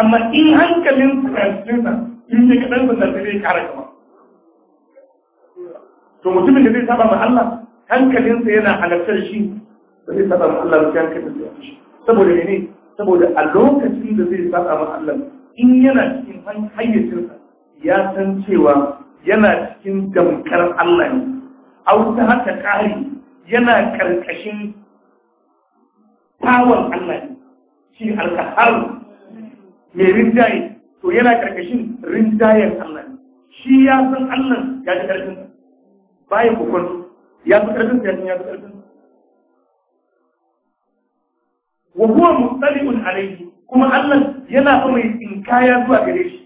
amma in hankalin transgender in ya kaɗan sannan sai zai ƙara gaba to mutumin da zai saba ma Allah hankalinsa yana halartar shi da zai saba ma Allah sai hankalin zai shi saboda ne saboda a lokacin da zai saba ma Allah in yana cikin hayyacinsa ya san cewa yana cikin damkar Allah ne a wuta haka ƙari yana ƙarƙashin tawon Allah ne shi alkahar mai rinjaye to yana karkashin rinjayen Allah shi ya san Allah ya ji karfin bayan kokon ya fi karfin ya fi karfin wa huwa mustali'un alayhi kuma Allah yana fa mai inkaya zuwa gare shi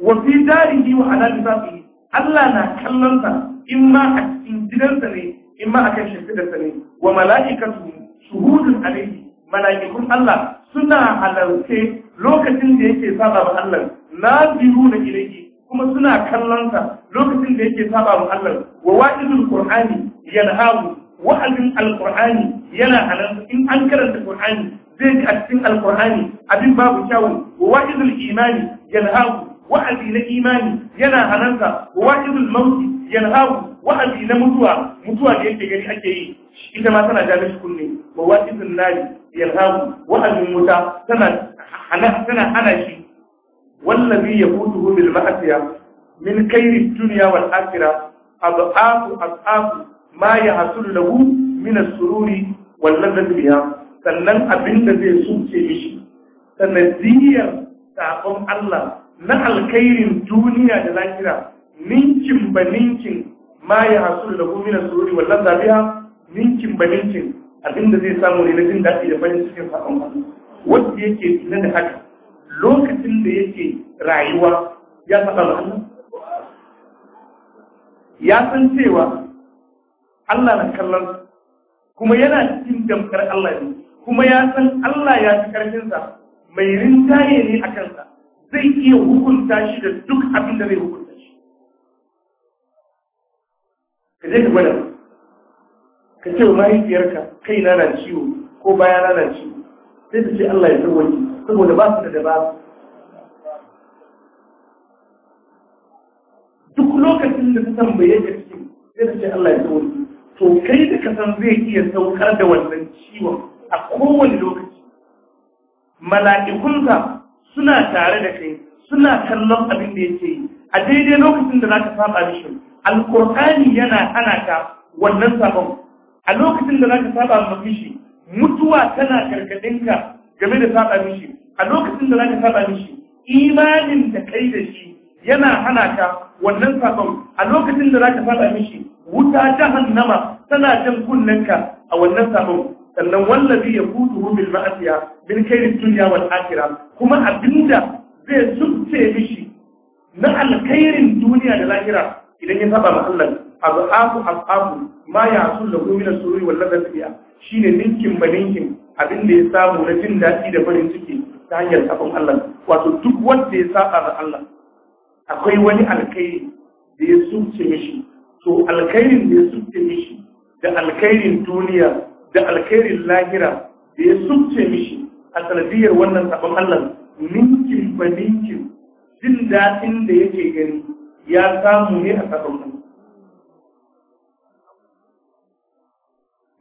wa fi darihi wa ala lisafihi Allah na kallon sa in ma a cikin gidansa ne in ma a kan shimfidarsa ne wa mala'ikatu shuhudun alayhi mala'ikun Allah suna halarce lokacin da yake saba wa Allah na biyu na ilaihi kuma suna kallonsa lokacin da yake saba wa Allah wa wa'izul qur'ani yanhahu wa'azin alqur'ani yana halarta in an karanta qur'ani zai ji a cikin alqur'ani abin babu kyawu wa wa'izul imani yanhahu wa'azi na imani yana halarta wa wa'izul mauti yanhahu wa'azi na mutuwa mutuwa da yake gari ake yi ita ma tana da kunne wa wa'izul nari yalhamu wa'azin wuta tana hana tana hana shi wallazi yafutuhu bil ma'asiya min kayri dunya wal akhirah abafu asafu ma yahsul lahu min as-sururi wal sannan abinda zai suce mishi sanadiyar sabon Allah na alkhairin duniya da lahira ninkin ba ninkin ma ya lahu min as-sururi wal ladzati ninkin ba ninkin Abinda zai samu ne na jin daɗi da farin cikin faɗin hannu wanda yake tuna da haka lokacin da yake rayuwa ya faɗa da Allah ya san cewa Allah na kallon kuma yana cikin damkar Allah ne kuma ya san Allah ya fi sa, mai rintaye ne a kansa zai iya hukunta shi da duk abin da zai hukunta shi ka je ka gwada ka ce wa mahaifiyarka kai na nan ciwo ko baya na nan ciwo sai ta ce Allah ya tsawaki saboda ba su da dabara duk lokacin da ta tambaye ka ciwo sai ta ce Allah ya tsawaki to kai da ka san zai iya saukar da wannan ciwon a kowane lokaci mala'ikunsa suna tare da kai suna kallon abin da yake yi a daidai lokacin da za ka saba mishi alkur'ani yana hana ka wannan sabon a lokacin da zaka saba mishi mutuwa tana karkadinka game da saba mishi a lokacin da zaka saba mishi imanin da kai da shi yana hana ka wannan sabon a lokacin da zaka saba mishi wuta jahannama tana jan kunnenka a wannan sabon sannan wallazi yaqutuhu bil ma'asiya min kai dunya wal akhirah kuma abinda zai subce mishi na alkhairin duniya da lahira idan ya saba ma Allah abu abu ma ya sun da na sururi wallan da tafiya shi ne ninkin ba ninkin abin da ya samu na jin daɗi da farin ciki ta hanyar sabon Allah wato duk wanda ya saba da Allah akwai wani alkairi da ya subce mishi to alkairin da ya subce mishi da alkairin duniya da alkairin lahira da ya suce mishi a sanadiyar wannan sabon Allah ninkin ba jin daɗin da yake gani ya samu ne a sabon Allah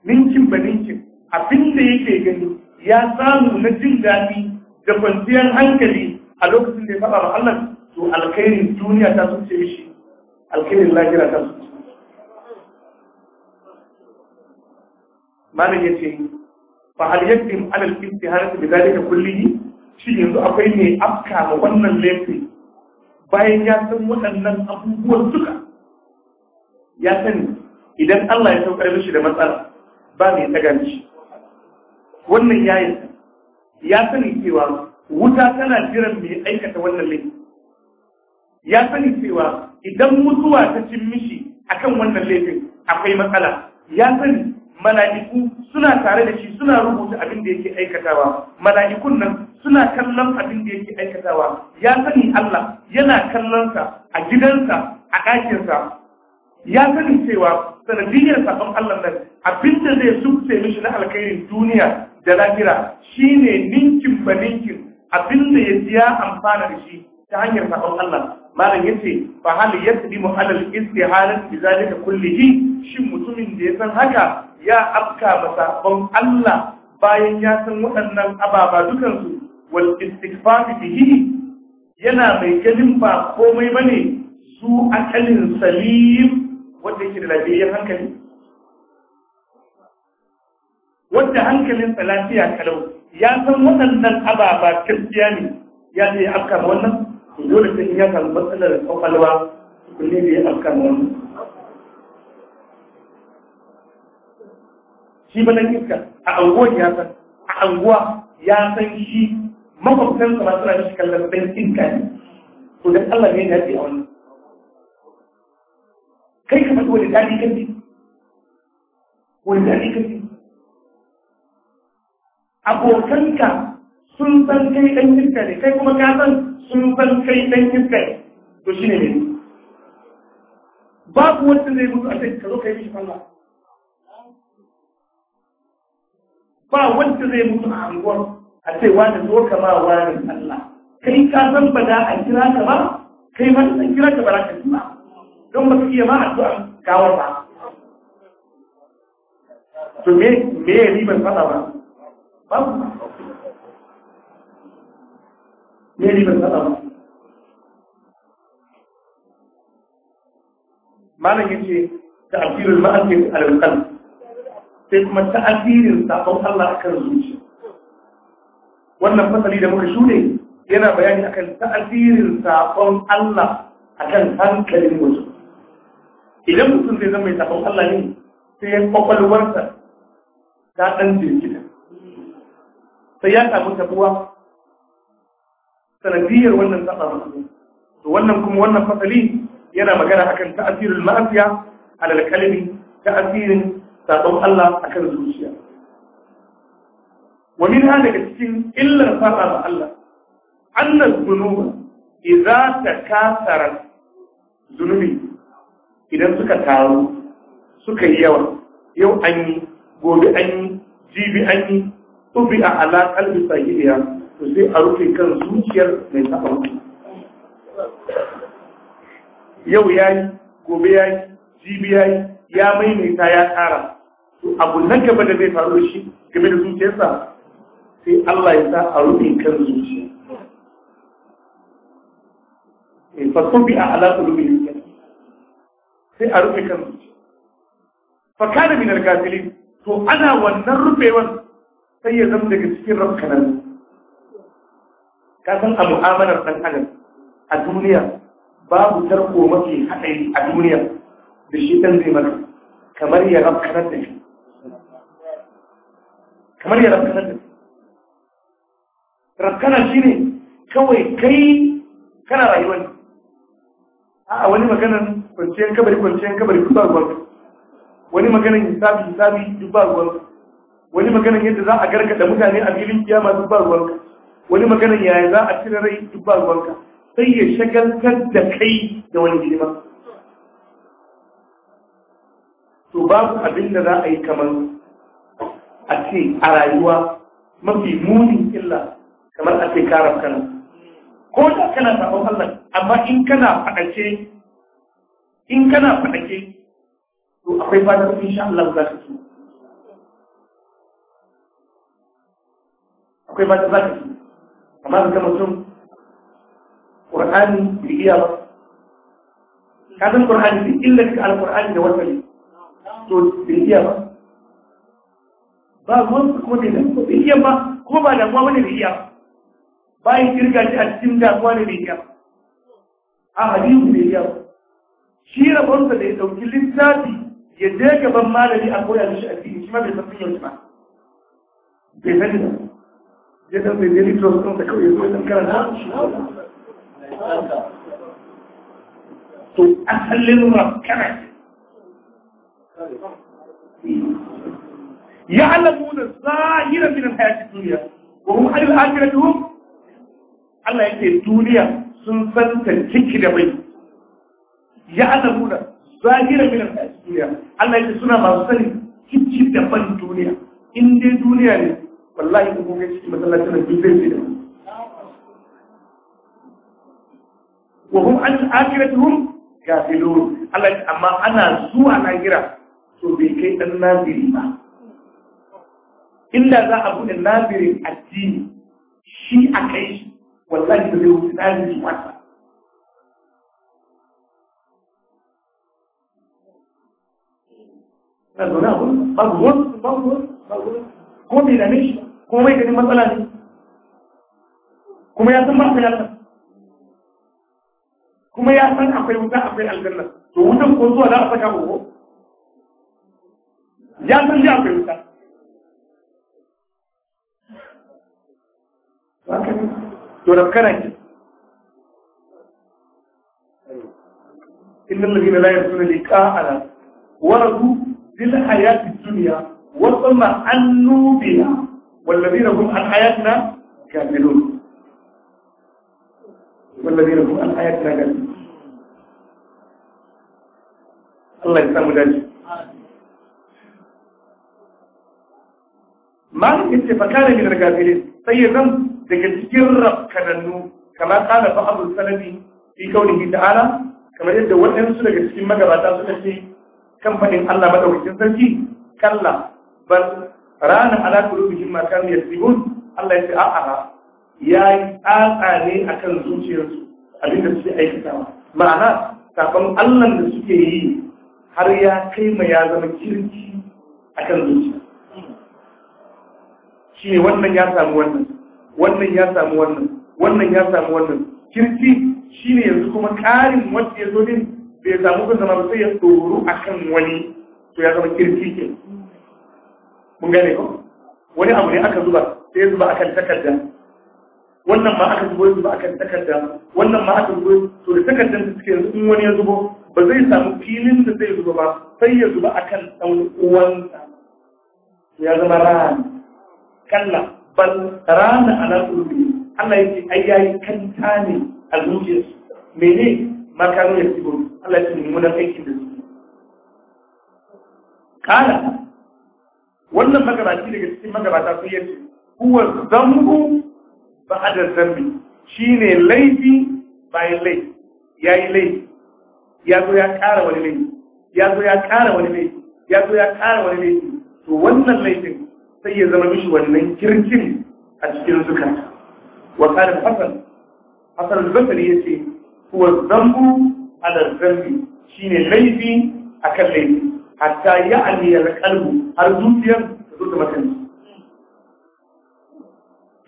ninkin ba ninkin abin da yake gani ya samu na jin daɗi da kwanciyar hankali a lokacin da ya faɗa wa Allah to alkhairin duniya ta sun ce alkhairin lahira ta sun ce malam yace fa hal yakim ala al-istihara bi dalika kullihi shi yanzu akwai ne afka ga wannan laifin bayan ya san waɗannan abubuwan duka ya sani idan Allah ya saukar mishi da matsala ba mai taga wannan yi. ya sani cewa wuta tana jiran mai aikata wannan laifi ya sani cewa idan mutuwa ta cin mishi akan wannan laifin akwai matsala ya sani mala'iku suna tare da shi suna rubuta abin da yake aikatawa mala'ikun nan suna kallon abin da yake aikatawa ya sani Allah yana kallonsa a gidansa a ɗakinsa ya sani cewa sanadiyar sabon Allah nan abinda zai sukse mishi na alkhairin duniya da lahira shine ninkin ba ninkin abinda ya siya amfana da shi ta hanyar sabon Allah malam yace fa hal yasdimu ala al-istihalat bi zalika kullihi shin mutumin da ya san haka ya afka sabon Allah bayan ya san waɗannan ababa dukansu wal istighfar bihi yana mai ganin ba komai bane su akalin salim wanda yake da lafiyar hankali wanda hankalin lafiya kalau ya san waɗannan ababa gaskiya ne ya je ya afkar wannan to dole sai ya samu matsalar kwakwalwa kunne ne ya afkar wannan shi ba iska a anguwa ya san a anguwa ya san shi makwabtan sa masu rashin kallon ɗan iska ne to dan Allah ne ya ce a wannan kai ka faɗi wani daɗi kan wani daɗi kan abokanka sun san kai ɗan iska ne kai kuma kasan sun san kai ɗan iska ne to shi ne babu wata zai mutu a sai ka zo yi mishi sallah ba wata zai mutu a anguwar a ce wani zo ka ma wani sallah kai ka san ba da a kira ka ba kai ma san kira ka ba za ka ji ba don ba su iya ma a kawar ba to me me riban fada ba babu ne ne ban faɗa sai kuma ta'athirin sabon Allah akan zuci. wannan fasali da muka shune yana bayani akan ta'athirin sabon Allah akan hankalin mutum idan mutum zai zama mai sabon Allah ne sai kwakwalwarsa ta dan sai ya samu tabuwa sanadiyar wannan saba to wannan kuma wannan fasali yana magana akan ta'asirul ma'asiya alal kalbi ta'asirin sabon Allah akan zuciya wa min hada daga cikin illar saba ga Allah annal zunuba idza takasara zunubi idan suka taru suka yi yawa yau an yi gobe an yi jibi an yi tubi a alaƙar kalbi to sai a rufe kan zuciyar mai mutu yau ya yi gobe ya yi jibi ya yi ya maimaita ya ƙara to abu nan gaba da zai faru shi game da zuciyarsa sai Allah ya sa a rufe kan zuciya eh, fasobi a ala kulubi sai a rufe kan zuciya fa kana min al to ana wannan rufewan sai ya zama daga cikin rafkanan ka san a mu'amalar ɗan adam a duniya babu tarko mafi haɗari a duniya da shi ɗan zai maka kamar ya rafkanar da shi kamar ya rafkanar da shi rafkanar shi ne kawai kai kana rayuwa ne a wani maganar kwanciyar kabari kwanciyar kabari duk ba wani maganar hisabi hisabi duk ba wani maganan yadda za a gargada mutane a filin kiyama duk ba ruwanka wani maganan yaya za a cire rai duk ba ruwanka sai ya shagaltar da kai da wani hidima to babu abin da za a yi kamar a ce a rayuwa mafi munin illa kamar a ce karar kana ko da kana sabon Allah amma in kana faɗace in kana faɗace to akwai fatan insha Allah za ka tsoro akwai ba za ka amma ga mutum Qur'ani bai iya ba kafin Qur'ani duk illa ka al-Qur'ani da ne to bai iya ba ba ruwan su kuma bai bai iya ba kuma ba damuwa wani bai iya ba bayan kirga shi a cikin damuwa ne bai iya ba a hadisu bai iya ba shi rabonsa da ya ɗauki littafi ya je gaban malami a koya shi a cikin shi ma bai san sun yau ba bai sani ba جدا من دي ليترو تكوي يقول لك انا تؤهل المركبة يعلمون الظاهر من الحياة الدنيا وهم على الآخرة هم الله يكي الدنيا سنسان تنتكر يا يعلمون ظاهر من الحياة الدنيا الله يكي سنة مرسل كتير دفن الدنيا إن دي دنيا wallahi in kuka cikin masallacin da kifin shi wa hum an akhiratuhum kafilun Allah amma ana zuwa lahira to bai kai dan naziri ba inda za a bude nazirin addini shi a kai shi wallahi da zai wuce naziri wata babu wani babu wani babu wani ko mai da nishi komai matsala ne kuma ya san ba ku yasa kuma ya san akwai wuta akwai aljanna to wutan ko zuwa za a saka ko ya san ji akwai wuta to da kana ki إن الذين لا يرجون لقاءنا ورثوا في الحياة الدنيا وطمأنوا بها والذين هم عن آياتنا كافرون والذين هم عن آياتنا كافرون الله يسلم ذلك ما اتفقان من الكافرين سيدا تكتير ربكننو كما قال بعض السلف في قوله تعالى كما يدى waɗansu daga cikin magabata suka ce kamfanin Allah madaukakin sarki kalla bal Ranar ala qulubihim ma kanu yaktubun Allah ya fi a'a ya yi tsatsa ne akan zuciyarsu abinda suke aikata. ma'ana kafin Allah da suke yi har ya kai ma ya zama kirki akan zuciya shi wannan ya samu wannan wannan ya samu wannan wannan ya samu wannan kirki shi ne yanzu kuma ƙarin wanda ya zo din bai samu kun zama sai ya tsoro akan wani to ya zama kirki ke mun gane ko wani abu ne aka zuba sai zuba akan takarda wannan ma aka zubo zuba akan takarda wannan ma aka zubo to da takardar da suke yanzu in wani ya zubo ba zai samu filin da zai zuba ba sai ya zuba akan dan uwansa ya zama rana kalla bal rana ala qulubi Allah yake ai yayi kanta ne a zuciyarsu mene makano ya sibo Allah ya ce mun aikin da su kala wannan magabaci daga cikin magabata sun yace huwa zambu da zambi ne laifi bayan laifi Ya yi laifi ya zo ya ƙara wani laifi ya zo ya ƙara wani laifi ya zo ya ƙara wani laifi to wannan laifin sai ya zama mishi wannan kirkin a cikin zukata wa kare hasan hasan al yace huwa zambu da zambi ne laifi a kan laifi hatta ya aliyar kalbu har zuciyar ta zo ta makanci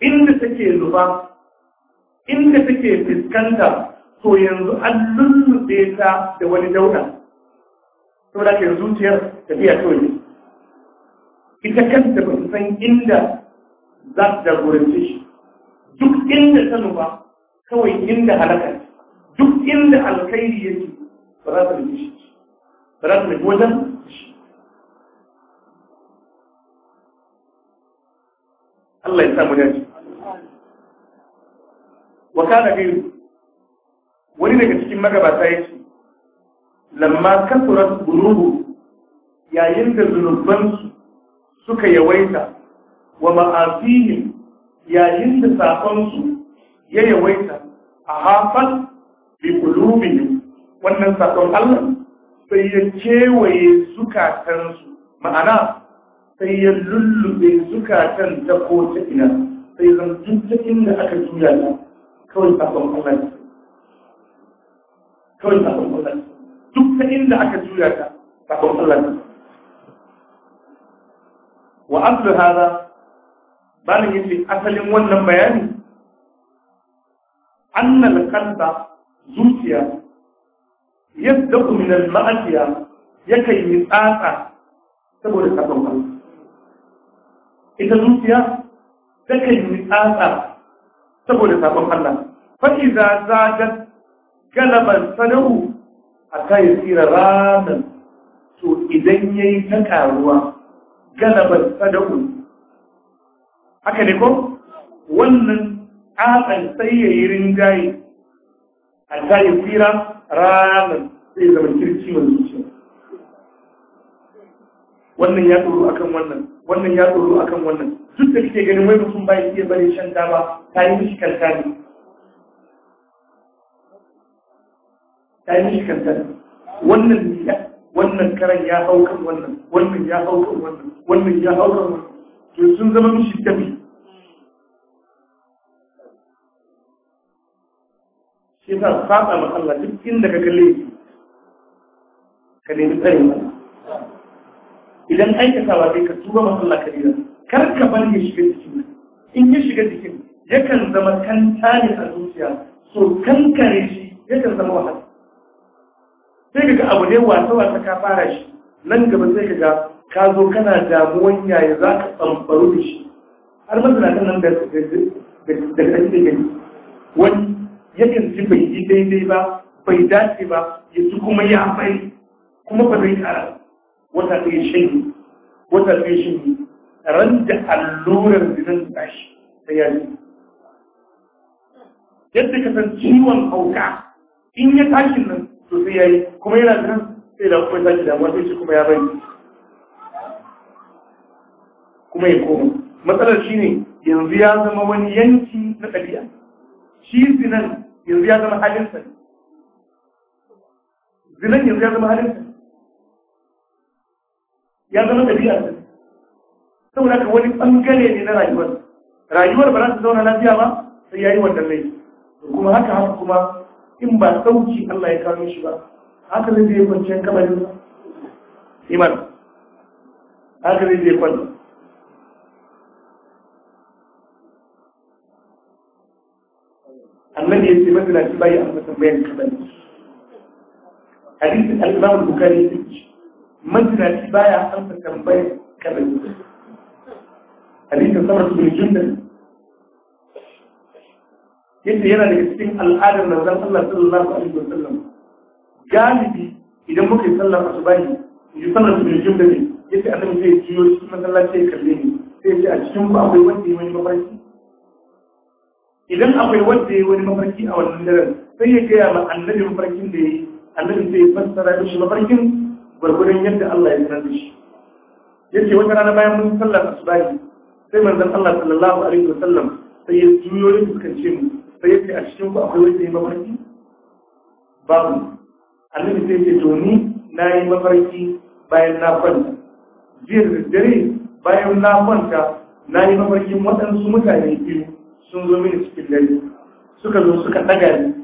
inda take zuba inda take fiskanta to yanzu an lullube ta da wani dauna da ke zuciyar tafiya kawai ne ita kanta ba su san inda za su jagoranci shi duk inda ta nufa kawai inda halaka duk inda alkhairi yake ba za su rikishi, shi ba za su rikishi wajen Allah ya samu wa kana bi wani daga cikin magabata ya ce lamma kasurat buruhu yayin da zunubansu suka yawaita wa ma'asihim yayin da saƙonsu ya yawaita a hafan likulubihim wannan saƙon Allah sai ya kewaye zukatansu ma'ana sai ya lullube zukatan ta ko ta ina sai zan dukkan da aka juya ta kawai sabon Allah ne kawai inda aka juya ta sabon wa abu wa aslu ba na yake asalin wannan bayani na lakanta zuciya yadda kuminan al-ma'asiya yakan yi tsatsa saboda sabon Allah ita zuciya takan yi tsatsa saboda sabon Allah faɗi za za ga galaban sanahu a yi tsira ranar to idan ya yi ta karuwa galaban sanahu haka ne ko wannan tsatsan sai ya yi rinjaye a kayan tsira ranar sai zama kirki mai zuciya wannan ya tsoro akan wannan wannan ya tsoro akan wannan duk da kike ganin wai mutum bai iya bari shan taba ta yi mishi kanta ne ta yi mishi kanta ne wannan wannan karan ya hau kan wannan wannan ya hau kan wannan wannan ya hau kan wannan to sun zama mishi tafi shi ta saba ma Allah duk inda ka kalle ka nemi tsayin Allah idan aikata ba sai ka tuba masallah Allah kar ka bar ya shiga cikin in ya shiga jikin yakan zama kanta ne a zuciya so kankare shi yakan zama wahal sai ka ga abu ne wasa wasa ka fara shi nan gaba sai ka ga ka zo kana damuwan yaya za ka tsamfaru da shi har kan nan da da ake gani wani yakan ji bai yi daidai ba bai dace ba ya ji kuma ya bai kuma ba zai kara wata ɗaya shi ne, ran da allurar zinan tashi ta yayi yadda ka san ciwon hauka in ya tashi nan to sai yi, kuma yana nan sai da kuma tashi da wata shi kuma ya bari kuma ya koma matsalar shi ne yanzu ya zama wani yanki na ɗabi'a shi zinan yanzu ya zama halinsa zinan yanzu ya zama halinsa ya zama tafiya sau da ka wani bangare ne na rayuwar rayuwar ba za ta zauna lafiya ba sai ya yi wannan laifi kuma haka haka kuma in ba sauki Allah ya kawo shi ba haka zai zai kwanciyar kamarin ba iman haka zai zai kwanta annabi ya ce mazinaci bayi an mutum bayan kamarin hadisin al-imam bukari ya ce mazinaci baya amsa tambayar kaza hadisin samar su jin da yadda yana da cikin al'adar manzon Allah sallallahu alaihi sallam. galibi idan muka yi sallar asubahi yi sallar su jin da ne yace annabi zai jiyo cikin masallaci ya kalle ni sai ce a cikin ku akwai wanda ya wani mafarki idan akwai wanda ya wani mafarki a wannan daren sai ya gaya ma annabi mafarkin da ya yi annabi sai ya fassara shi mafarkin gwargwadon yadda Allah ya sanar da shi yace wata rana bayan mun sallar asubahi sai manzon Allah sallallahu alaihi wa sallam sai ya juyo da fuskance mu sai ya ce a cikin ku akwai wani ya mafarki babu annabi sai ya ce to ni na yi mafarki bayan na kwanta jiya da dare bayan na kwanta na yi mafarkin waɗansu mutane biyu sun zo mini cikin dare suka zo suka ɗaga ni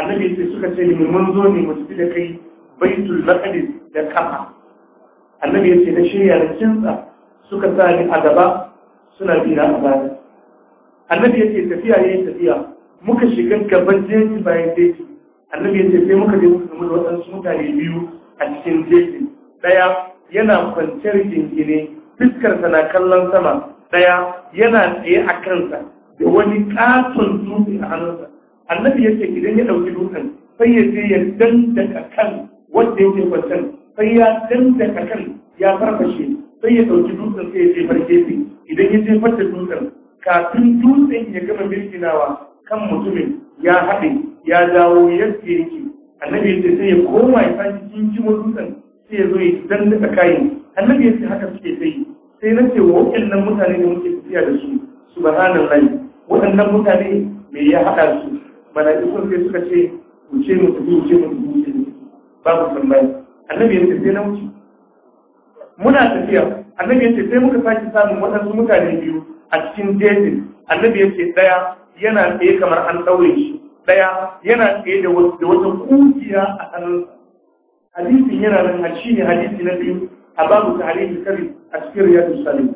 annabi sai suka ce ni mun zo ne mu tafi da kai baitul maqdis da kafa annabi ya ce na shirya da kinsa suka sa a gaba suna bina a baya annabi ya ce tafiya ya yi tafiya muka shiga gaban jeji bayan jeji annabi ya ce sai muka je muka gamu da waɗansu mutane biyu a cikin jeji ɗaya yana kwanciyar jingine fiskarsa na kallon sama ɗaya yana tsaye a kansa da wani ƙaton dutse a hannunsa annabi ya ce idan ya ɗauki dutsen sai ya je ya dandaka kan wanda yake kwanciyar sai ya danda kakan ya farfashe sai ya ɗauki dutsen sai ya jefar gefe idan ya jefar da dutsen kafin dutsen ya gama birkinawa kan mutumin ya haɗe ya dawo yadda yake annabi ya sai ya koma ya sake kinkimo dutsen sai ya zo ya danda tsakayin annabi ya ce haka suke sai sai na ce wa waɗannan mutane da muke tafiya da su subhanallahi waɗannan mutane me ya haɗa su mala'iku sai suka ce mu ce mu tafi mu ce mu tafi babu tambaya annabi yace sai na wuce
muna tafiya
annabi ya ce sai muka sake samun waɗansu mutane biyu a cikin jejin annabi ya ce ɗaya yana tsaye kamar an ɗaure shi Ɗaya yana tsaye da wata kujiya a hannunsa hadisin yana nan shi ne hadisi na biyu a babu ta halittu kari a cikin riyadu salim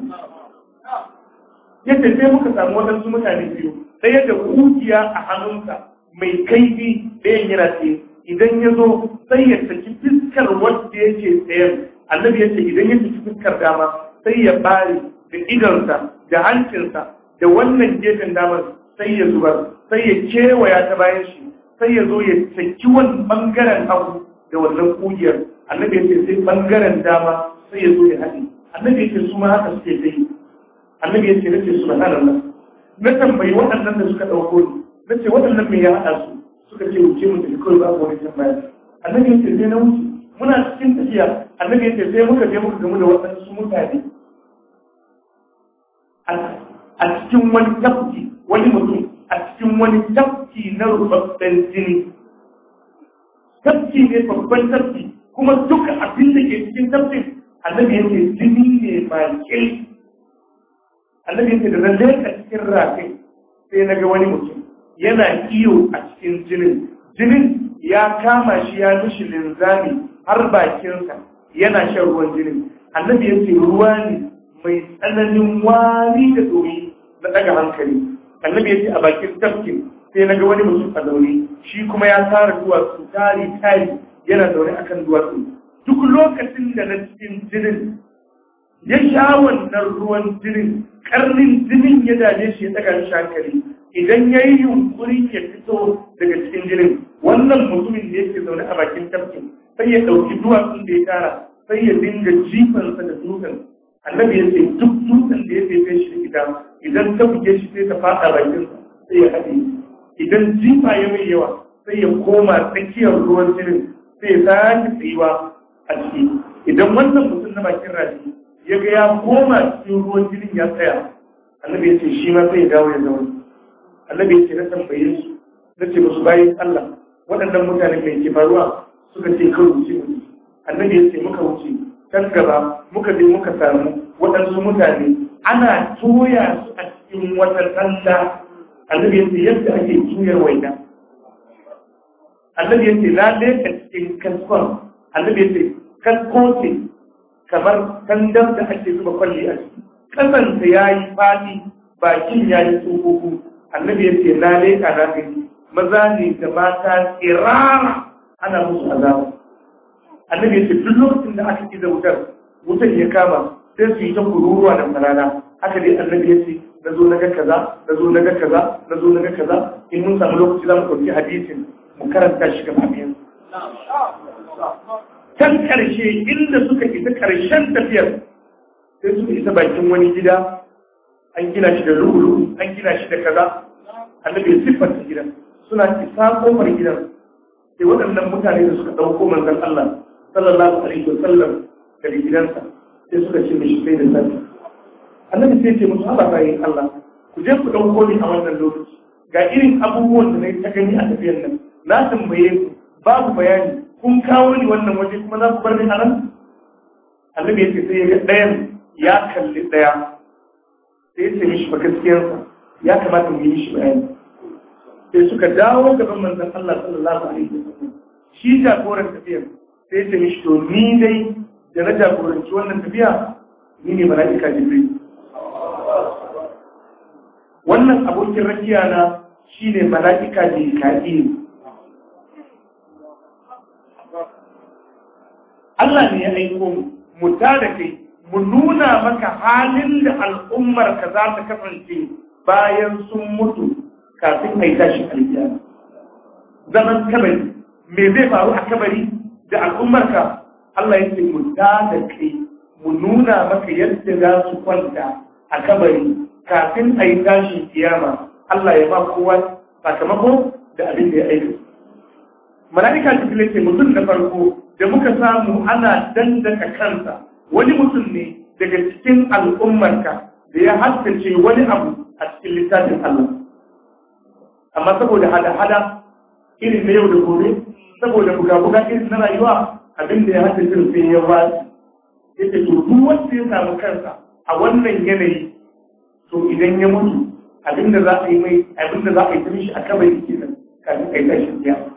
yadda sai muka samu waɗansu mutane biyu ɗaya da kujiya a hannunsa mai kaifi ɗayan yana tsaye idan ya zo sai ya saki fiskar wanda ce tsayar annabi ya ce idan ya saki fiskar dama sai ya bari da idonsa da hancinsa da wannan gefen damar sai ya zubar sai ya kewaya ta bayan shi sai ya zo ya saki wani bangaren abu da wannan kugiyar annabi ya ce sai bangaren dama sai ya zo ya haɗe annabi ce su ma haka suke zai annabi ya ce na ce subhanallah na tambayi waɗannan da suka ɗauko ni Na ce waɗannan me ya haɗa su suka ce wuce mu tafi kawai babu wani jin bayani annabi ya ce na wuce muna cikin tafiya annabi ya ce sai muka je muka gamu da waɗansu mutane a cikin wani tafki wani mutum a cikin wani tafki na rubabben jini tafki ne babban tafki kuma duka abin da ke cikin tafkin annabi ya ce jini ne mai kyau annabi ya ce da na a cikin rafin sai na ga wani mutum yana iyo a cikin jinin jinin ya kama shi ya mishi linzami har bakinsa yana shan ruwan jinin annabi ya ce ruwa ne mai tsananin wari da domin na daga hankali annabi ya ce a bakin tafkin sai na ga wani mutum a zaune shi kuma ya tara duwatsu tari tari yana zaune akan duwatsu duk lokacin da na cikin jinin ya sha wannan ruwan jinin karnin jinin ya dame shi ya daga hankali idan ya yi yunkurin ya fito daga cikin jinin wannan mutumin da yake zaune a bakin tafkin sai ya ɗauki duwatsun da ya tara sai ya dinga jifansa da dutsen annabi ya ce duk dutsen da ya fefe shi gida idan ta buge shi sai ta faɗa bakin sai ya haɗe idan jifa ya mai yawa sai ya koma tsakiyar ruwan jinin sai ya sake tsayuwa a ciki idan wannan mutum na bakin rafi ya ga ya koma cikin ruwan jinin ya tsaya annabi ya ce shi ma sai ya dawo ya zaune annabi ya ce na tambaye su na ce musu bayan Allah waɗannan mutane mai ke faruwa suka ce kan wuce mu annabi ya ce muka wuce can gaba muka je muka samu waɗansu mutane ana tuya su a cikin wata tsalla annabi ya ce yadda ake tuyar waina annabi ya ce na a cikin kaskon annabi ya ce kasko ce kamar tandar da ake zuba kwalli a ciki kasanta ya yi fadi bakin ya yi tsokoku annabi ya ce lalai ka zafi maza ne da mata tsirara ana musu azaba annabi ya ce duk lokacin da aka kiza wutar wutar ya kama sai su yi ta kururuwa da farana haka dai annabi ya ce na zo ga kaza na zo ga kaza na zo ga kaza in mun samu lokaci za mu ɗauki hadisin mu karanta shi ga mabiyan can ƙarshe inda suka isa ƙarshen tafiyar sai suka isa bakin wani gida an gina shi da lulu an gina shi da kaza annabi ya siffanta gidan suna isa kofar gidan sai waɗannan mutane da suka ɗauko manzan Allah sallallahu alaihi wasallam da gidansa sai suka ce mishi sai da sani annabi sai ce musu Allah bayin Allah ku je ku ɗauko ni a wannan lokaci ga irin abubuwan da na yi ta gani a tafiyar nan na tambaye ku babu bayani kun kawo ni wannan waje kuma za ku bar ni a nan annabi ya ce sai ya ga ɗayan ya kalli ɗaya sai ya ce mishi ba gaskiyarsa ya kamata mu yi shi bayani sai suka dawo gaban manzon Allah sallallahu alaihi wasallam shi jagoran tafiyar sai ya ce mishi to ni dai da na jagoranci wannan tafiya ni ne mala'ika jibril wannan abokin rakiya na shi ne mala'ika jibril Allah ne ya aiko mu mu da kai mu nuna maka halin da al'ummar ka za ta kasance bayan sun mutu kafin mai tashi aljiya zaman kabari me zai faru a kabari da al'ummar ka Allah yake mu da da kai mu nuna maka yadda za su kwanta a kabari kafin a yi tashi kiyama Allah ya ba kowa sakamako da abin da ya aika. Mala'ika Jibril ce mutum da farko da muka samu ana dandaka kansa wani mutum ne daga cikin al'ummarka da ya haskace wani abu a cikin littafin Allah amma saboda hada-hada irin na yau da gobe saboda buga-buga irin na rayuwa abin da ya haddace sai ya ba ya ce to duk wanda ya samu kansa a wannan yanayi to idan ya mutu abin da za a yi mai abin da za a yi ta mishi a yake nan kafin kai yi tashin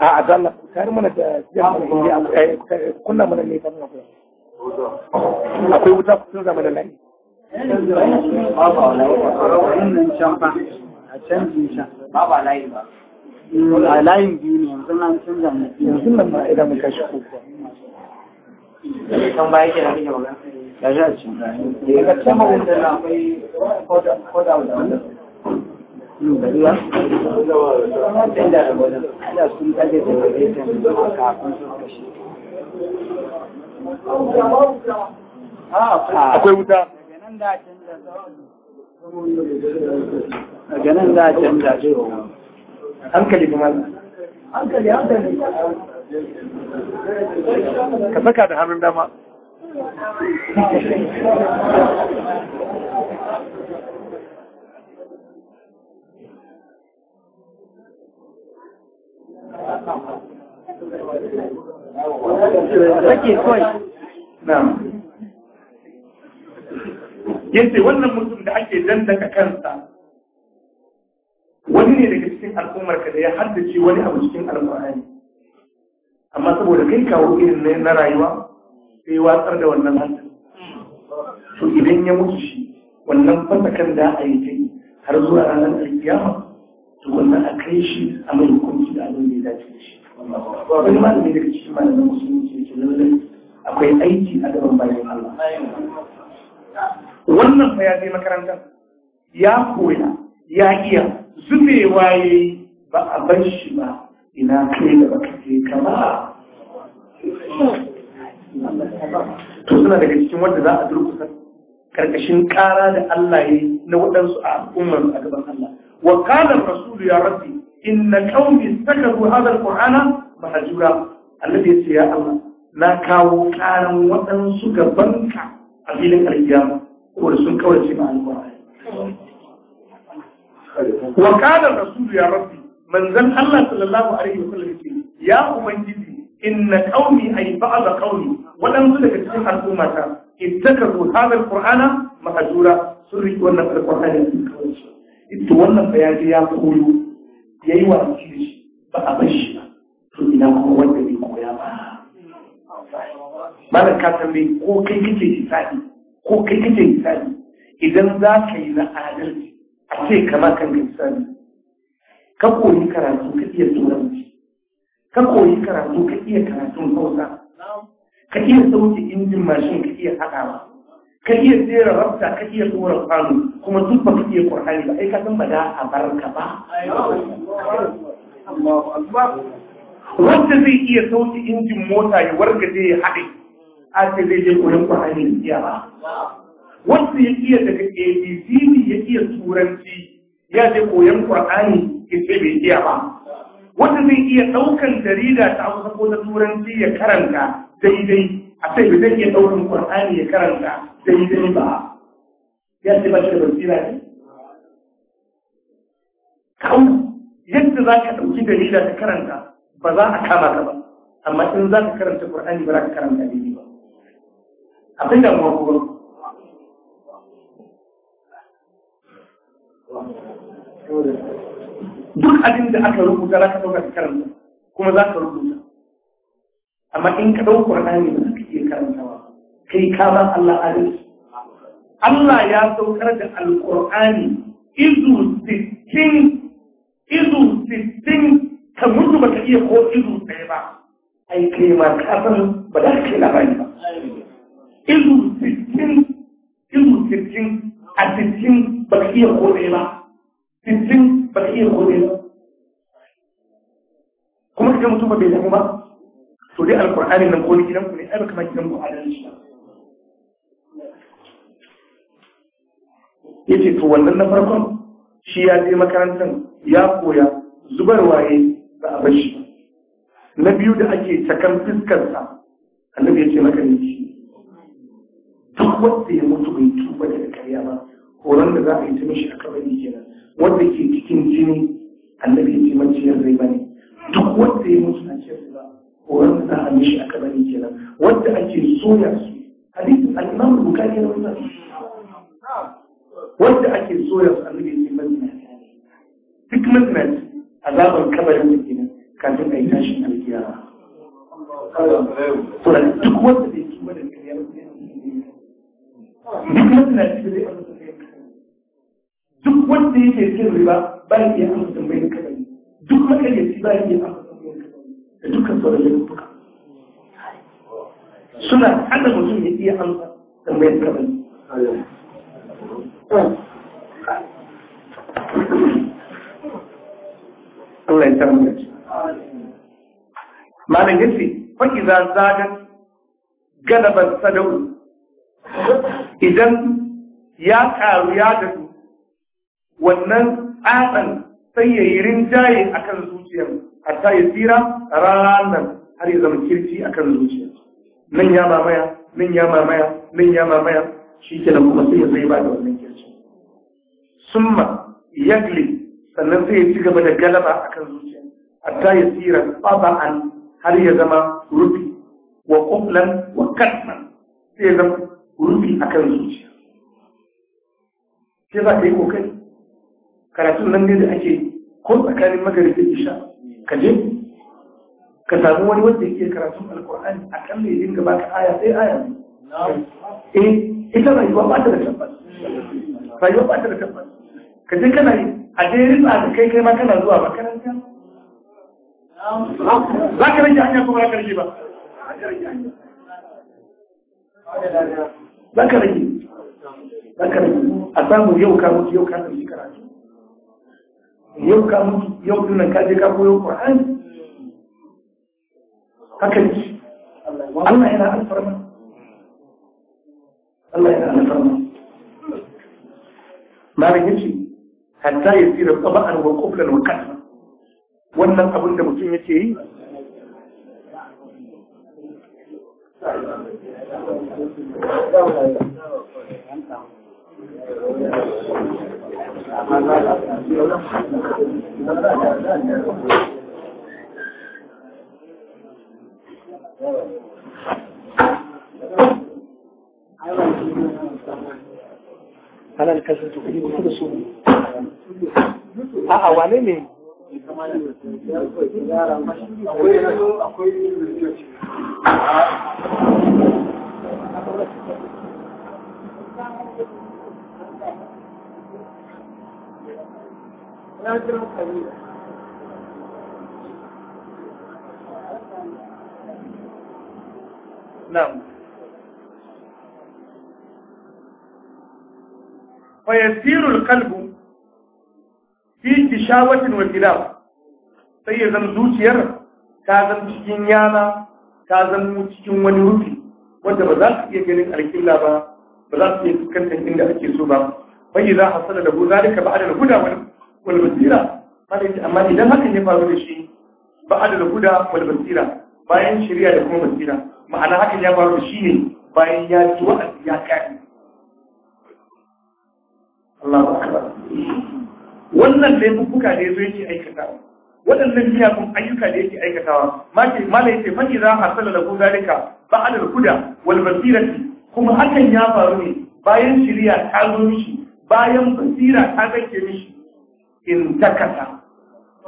a dalla kare mana da eh, kunna mana ne akwai wuta zama da nan
a layin biyu ne yanzu yanzu
nan idan muka shi kuka kan baya ke magana ya ji a ga eh, wanda na akwai koda wanda Ah, akwai wuta daga nan za a canza shi hankali kuma hankali hankali ka saka da hannun dama Sake kawai. Na'am. Yace wannan mutum da ake dandaka kansa wani ne daga cikin al'ummarka da ya haddace wani abu cikin alƙur'ani. Amma saboda kai kawo irin na rayuwa sai watsar da wannan haddace. to idan ya mutu shi wannan fasakan da a yi ta har zuwa ranar alkiyama to wannan a kai shi a mai hukunci da abin da ya dace da shi Ba wani malami daga cikin malamin musulunci ke lallai akwai aiki a gaban bayan Allah wannan fa ya je makarantar ya koya ya iya zubewa ya yi ba a bar shi ba ina kai da baka je kama to suna daga cikin wanda za a durkusa karkashin kara da Allah ya yi na waɗansu a al'ummar a gaban Allah وقال الرسول يا ربي إن قومي استكبروا هذا القرآن مهجورا الذي يا الله لا كاو كان وطن سكبنك أبيل القيامة ورسول كورسي مع القرآن وقال الرسول يا ربي من ذن الله صلى الله عليه وسلم يا أمجدي إن قومي أي بعض قومي ولم تلك تلك الأمة اتكروا هذا القرآن مهجورا سوري وأن القرآن يكون كورسي to wannan ba ya ya koyo ya yi wa shi ba a bashi shi ba to ina kuma wanda bai koya ba malam ka san me ko kai kake hisabi ko kai kake hisabi idan za ka yi na adalci a ce kama kan ka hisabi ka koyi karatu ka iya turanci ka koyi karatu ka iya karatun hausa ka iya sauke injin mashin ka iya haɗawa ka iya tsere rafta ka iya tsora kwano kuma duk ba ka iya kurhani ba ai ka san ba da a barka ba wanda zai iya sauki injin mota ya warga zai ya haɗe a ce zai je koyon kurhani ya iya ba wanda ya iya daga abcd ya iya turanci ya je koyon kur'ani ya ce bai iya ba wanda zai iya ɗaukan jarida ta hausa ko ta turanci ya karanta daidai a sai ba zai iya ɗaukan kur'ani ya karanta sai sai ba yadda ba shi da basira ne kawo yadda za ka ɗauki dalila ta karanta ba za a kama ka ba amma in za ka karanta ƙur'ani ba za ka karanta daidai ba akwai da ko ba duk abin da aka rubuta za ka ɗauka ka karanta kuma za ka rubuta amma in ka ɗau ƙur'ani ba kai ka ba Allah adalci Allah ya saukar da alqur'ani izu 60 izu 60 ka mutu baka iya ko izu ɗaya ba ai kai ma ka san ba za ka kai labari ba izu 60 izu 60 a ba baka iya ko ɗaya ba ba baka iya ko ɗaya ba kuma kaga mutum ba bai damu ba to dai alqur'ani nan ko ni gidan ku ne ai baka ma gidan ku adalci ba ya ce to wannan na farkon shi ya je makarantar ya koya zubar waye ba a shi. na biyu da ake cakan fiskarsa annabi ya ce maka ne shi duk wanda ya mutu bai tuba daga karya ba horon da za a yi ta mishi a kabari kenan wanda ke cikin jini annabi ya ce maciyar rai ba ne duk wanda ya mutu na ciyar ba horon da za a mishi a kabari kenan wanda ake soya su hadisin al'imam bukari ya wannan wanda ake soya ya annabi ya ce mazinaci duk mazinaci azabar kabarin da kenan kafin a yi tashin alkiyama to da duk wanda bai tuba da kariya duk mazinaci da zai amsa duk wanda yake cin riba ba ya iya amsa tambayar kabari duk makaryaci ba ya iya amsa tambayar kabari da dukkan sauran laifuka suna hana mutum ya iya amsa tambayar kabari Allah ya san mu malam yace fa idza zadat galaban sadau idan ya karu ya dadu wannan tsatsan sai ya yi rinjaye a kan zuciyar hatta ya tsira ranar har ya zama kirci a kan zuciyar nan ya mamaya nan ya mamaya nan ya mamaya shi ke nan kuma sai ya zai ba da wannan kirci summa yagli sannan sai ya ci gaba da galaba akan zuciya hatta ya tsira tsaba'an har ya zama rufi wa kuflan wa katman sai ya zama rufi akan zuciya sai za ka yi ƙoƙari karatun nan ne da ake ko tsakanin magaribi da isha ka je ka samu wani wanda yake karatun Alƙur'ani a kan ne dinga baka aya sai aya eh ita rayuwa ba ta da tabbas rayuwa ba ta da tabbas ka je kana yi a je rinsa ka kai kai ma kana zuwa makaranta za ka rage hanya ko ba za ka rage ba za ka rage za ka rage a samu yau ka mutu yau ka ɗauki karatu yau ka mutu yau ɗin ka je ka koyo ƙwa'ani haka ne Allah yana alfarma Allah yana alfarma Malik ya ce, hatta ya tsira tsaba'an wa kuflan wa wannan abin da mutum yake yi على الكسر A'a wane ne? Na'am. Fayasirul kalbu fi kishawatin wa sai ya zama zuciyar ta zama cikin yana ta zama cikin wani rufi wanda ba za su iya ganin alƙilla ba ba za su iya fuskantar inda ake so ba bai za a sanar da ku zalika ba a huda guda wani basira amma idan hakan ya faru da shi ba adal guda wal basira bayan shari'a da kuma basira ma'ana hakan ya faru da shi ne bayan ya ji wa'azi ya kai ka akbar wannan laifuka ne zai yake aikatawa waɗannan miyagun ayyuka da yake aikatawa mace mala yace man idza hasala lahu zalika ba'd al kuda wal basirati kuma hakan ya faru ne bayan shiriya ta zo mishi bayan basira ta gake mishi in takata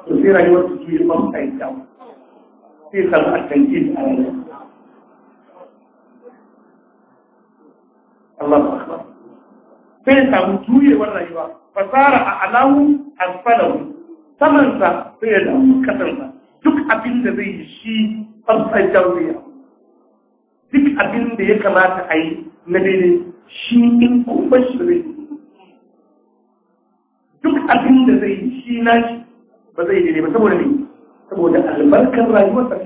to sai rayuwar su ke ban aikata sai san atanki a rayuwa Allahu akbar sai ya samu juyewar rayuwa fasara a alamu asfalahu samansa sai ya damu kasansa duk abin da zai yi shi farfar jauriya duk abin da ya kamata a yi na daidai shi in kuma shi zai duk abin da zai yi shi na shi ba zai daidai ba saboda ne saboda albarkar rayuwar sa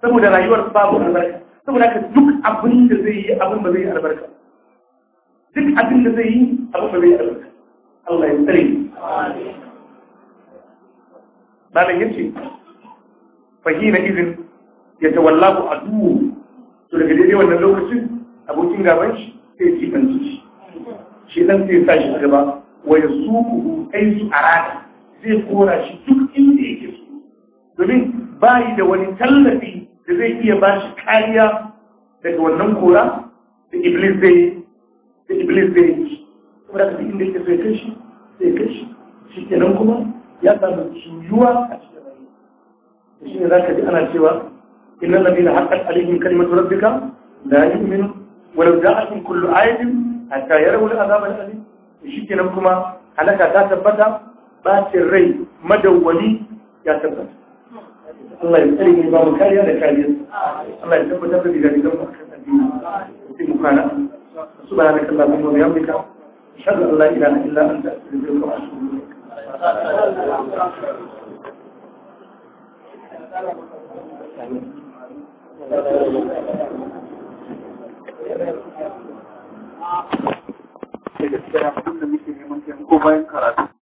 saboda rayuwar babu albarka saboda ka duk abin da zai yi abin ba zai yi albarka duk abin da zai yi abin ba zai yi albarka Allah ya tsare malam ce, fahina izin ya tawallahu aduwu to daga daidai wannan lokacin abokin gaban shi sai ci kan shi shi dan sai sa shi gaba wa yasuku a rana? zai kora shi duk inda yake so domin bayi da wani tallafi da zai iya ba shi kariya daga wannan kora da iblis zai da iblis zai yi kuma da inda yake so ya kai shi sai kai shi shi kenan kuma ya samu juyuwa a cikin rayuwa da shi ne za ka ji ana cewa inna ladina haqqat alaihim kalimatu rabbika la yu'minu walau ja'atkum kullu a hatta wani al'azab al'alim shi kenan kuma halaka ta tabbata bacin rai madawwali ya tabbata Allah ya tsare mu ba mu kariya da kariya Allah ya tabbatar da gidan mu akan addini sai mu kana subhanaka allahumma wa bihamdika ashhadu an la ilaha illa anta astaghfiruka wa atubu ilaik da gaskiya abin da muke neman taimako bayan karatu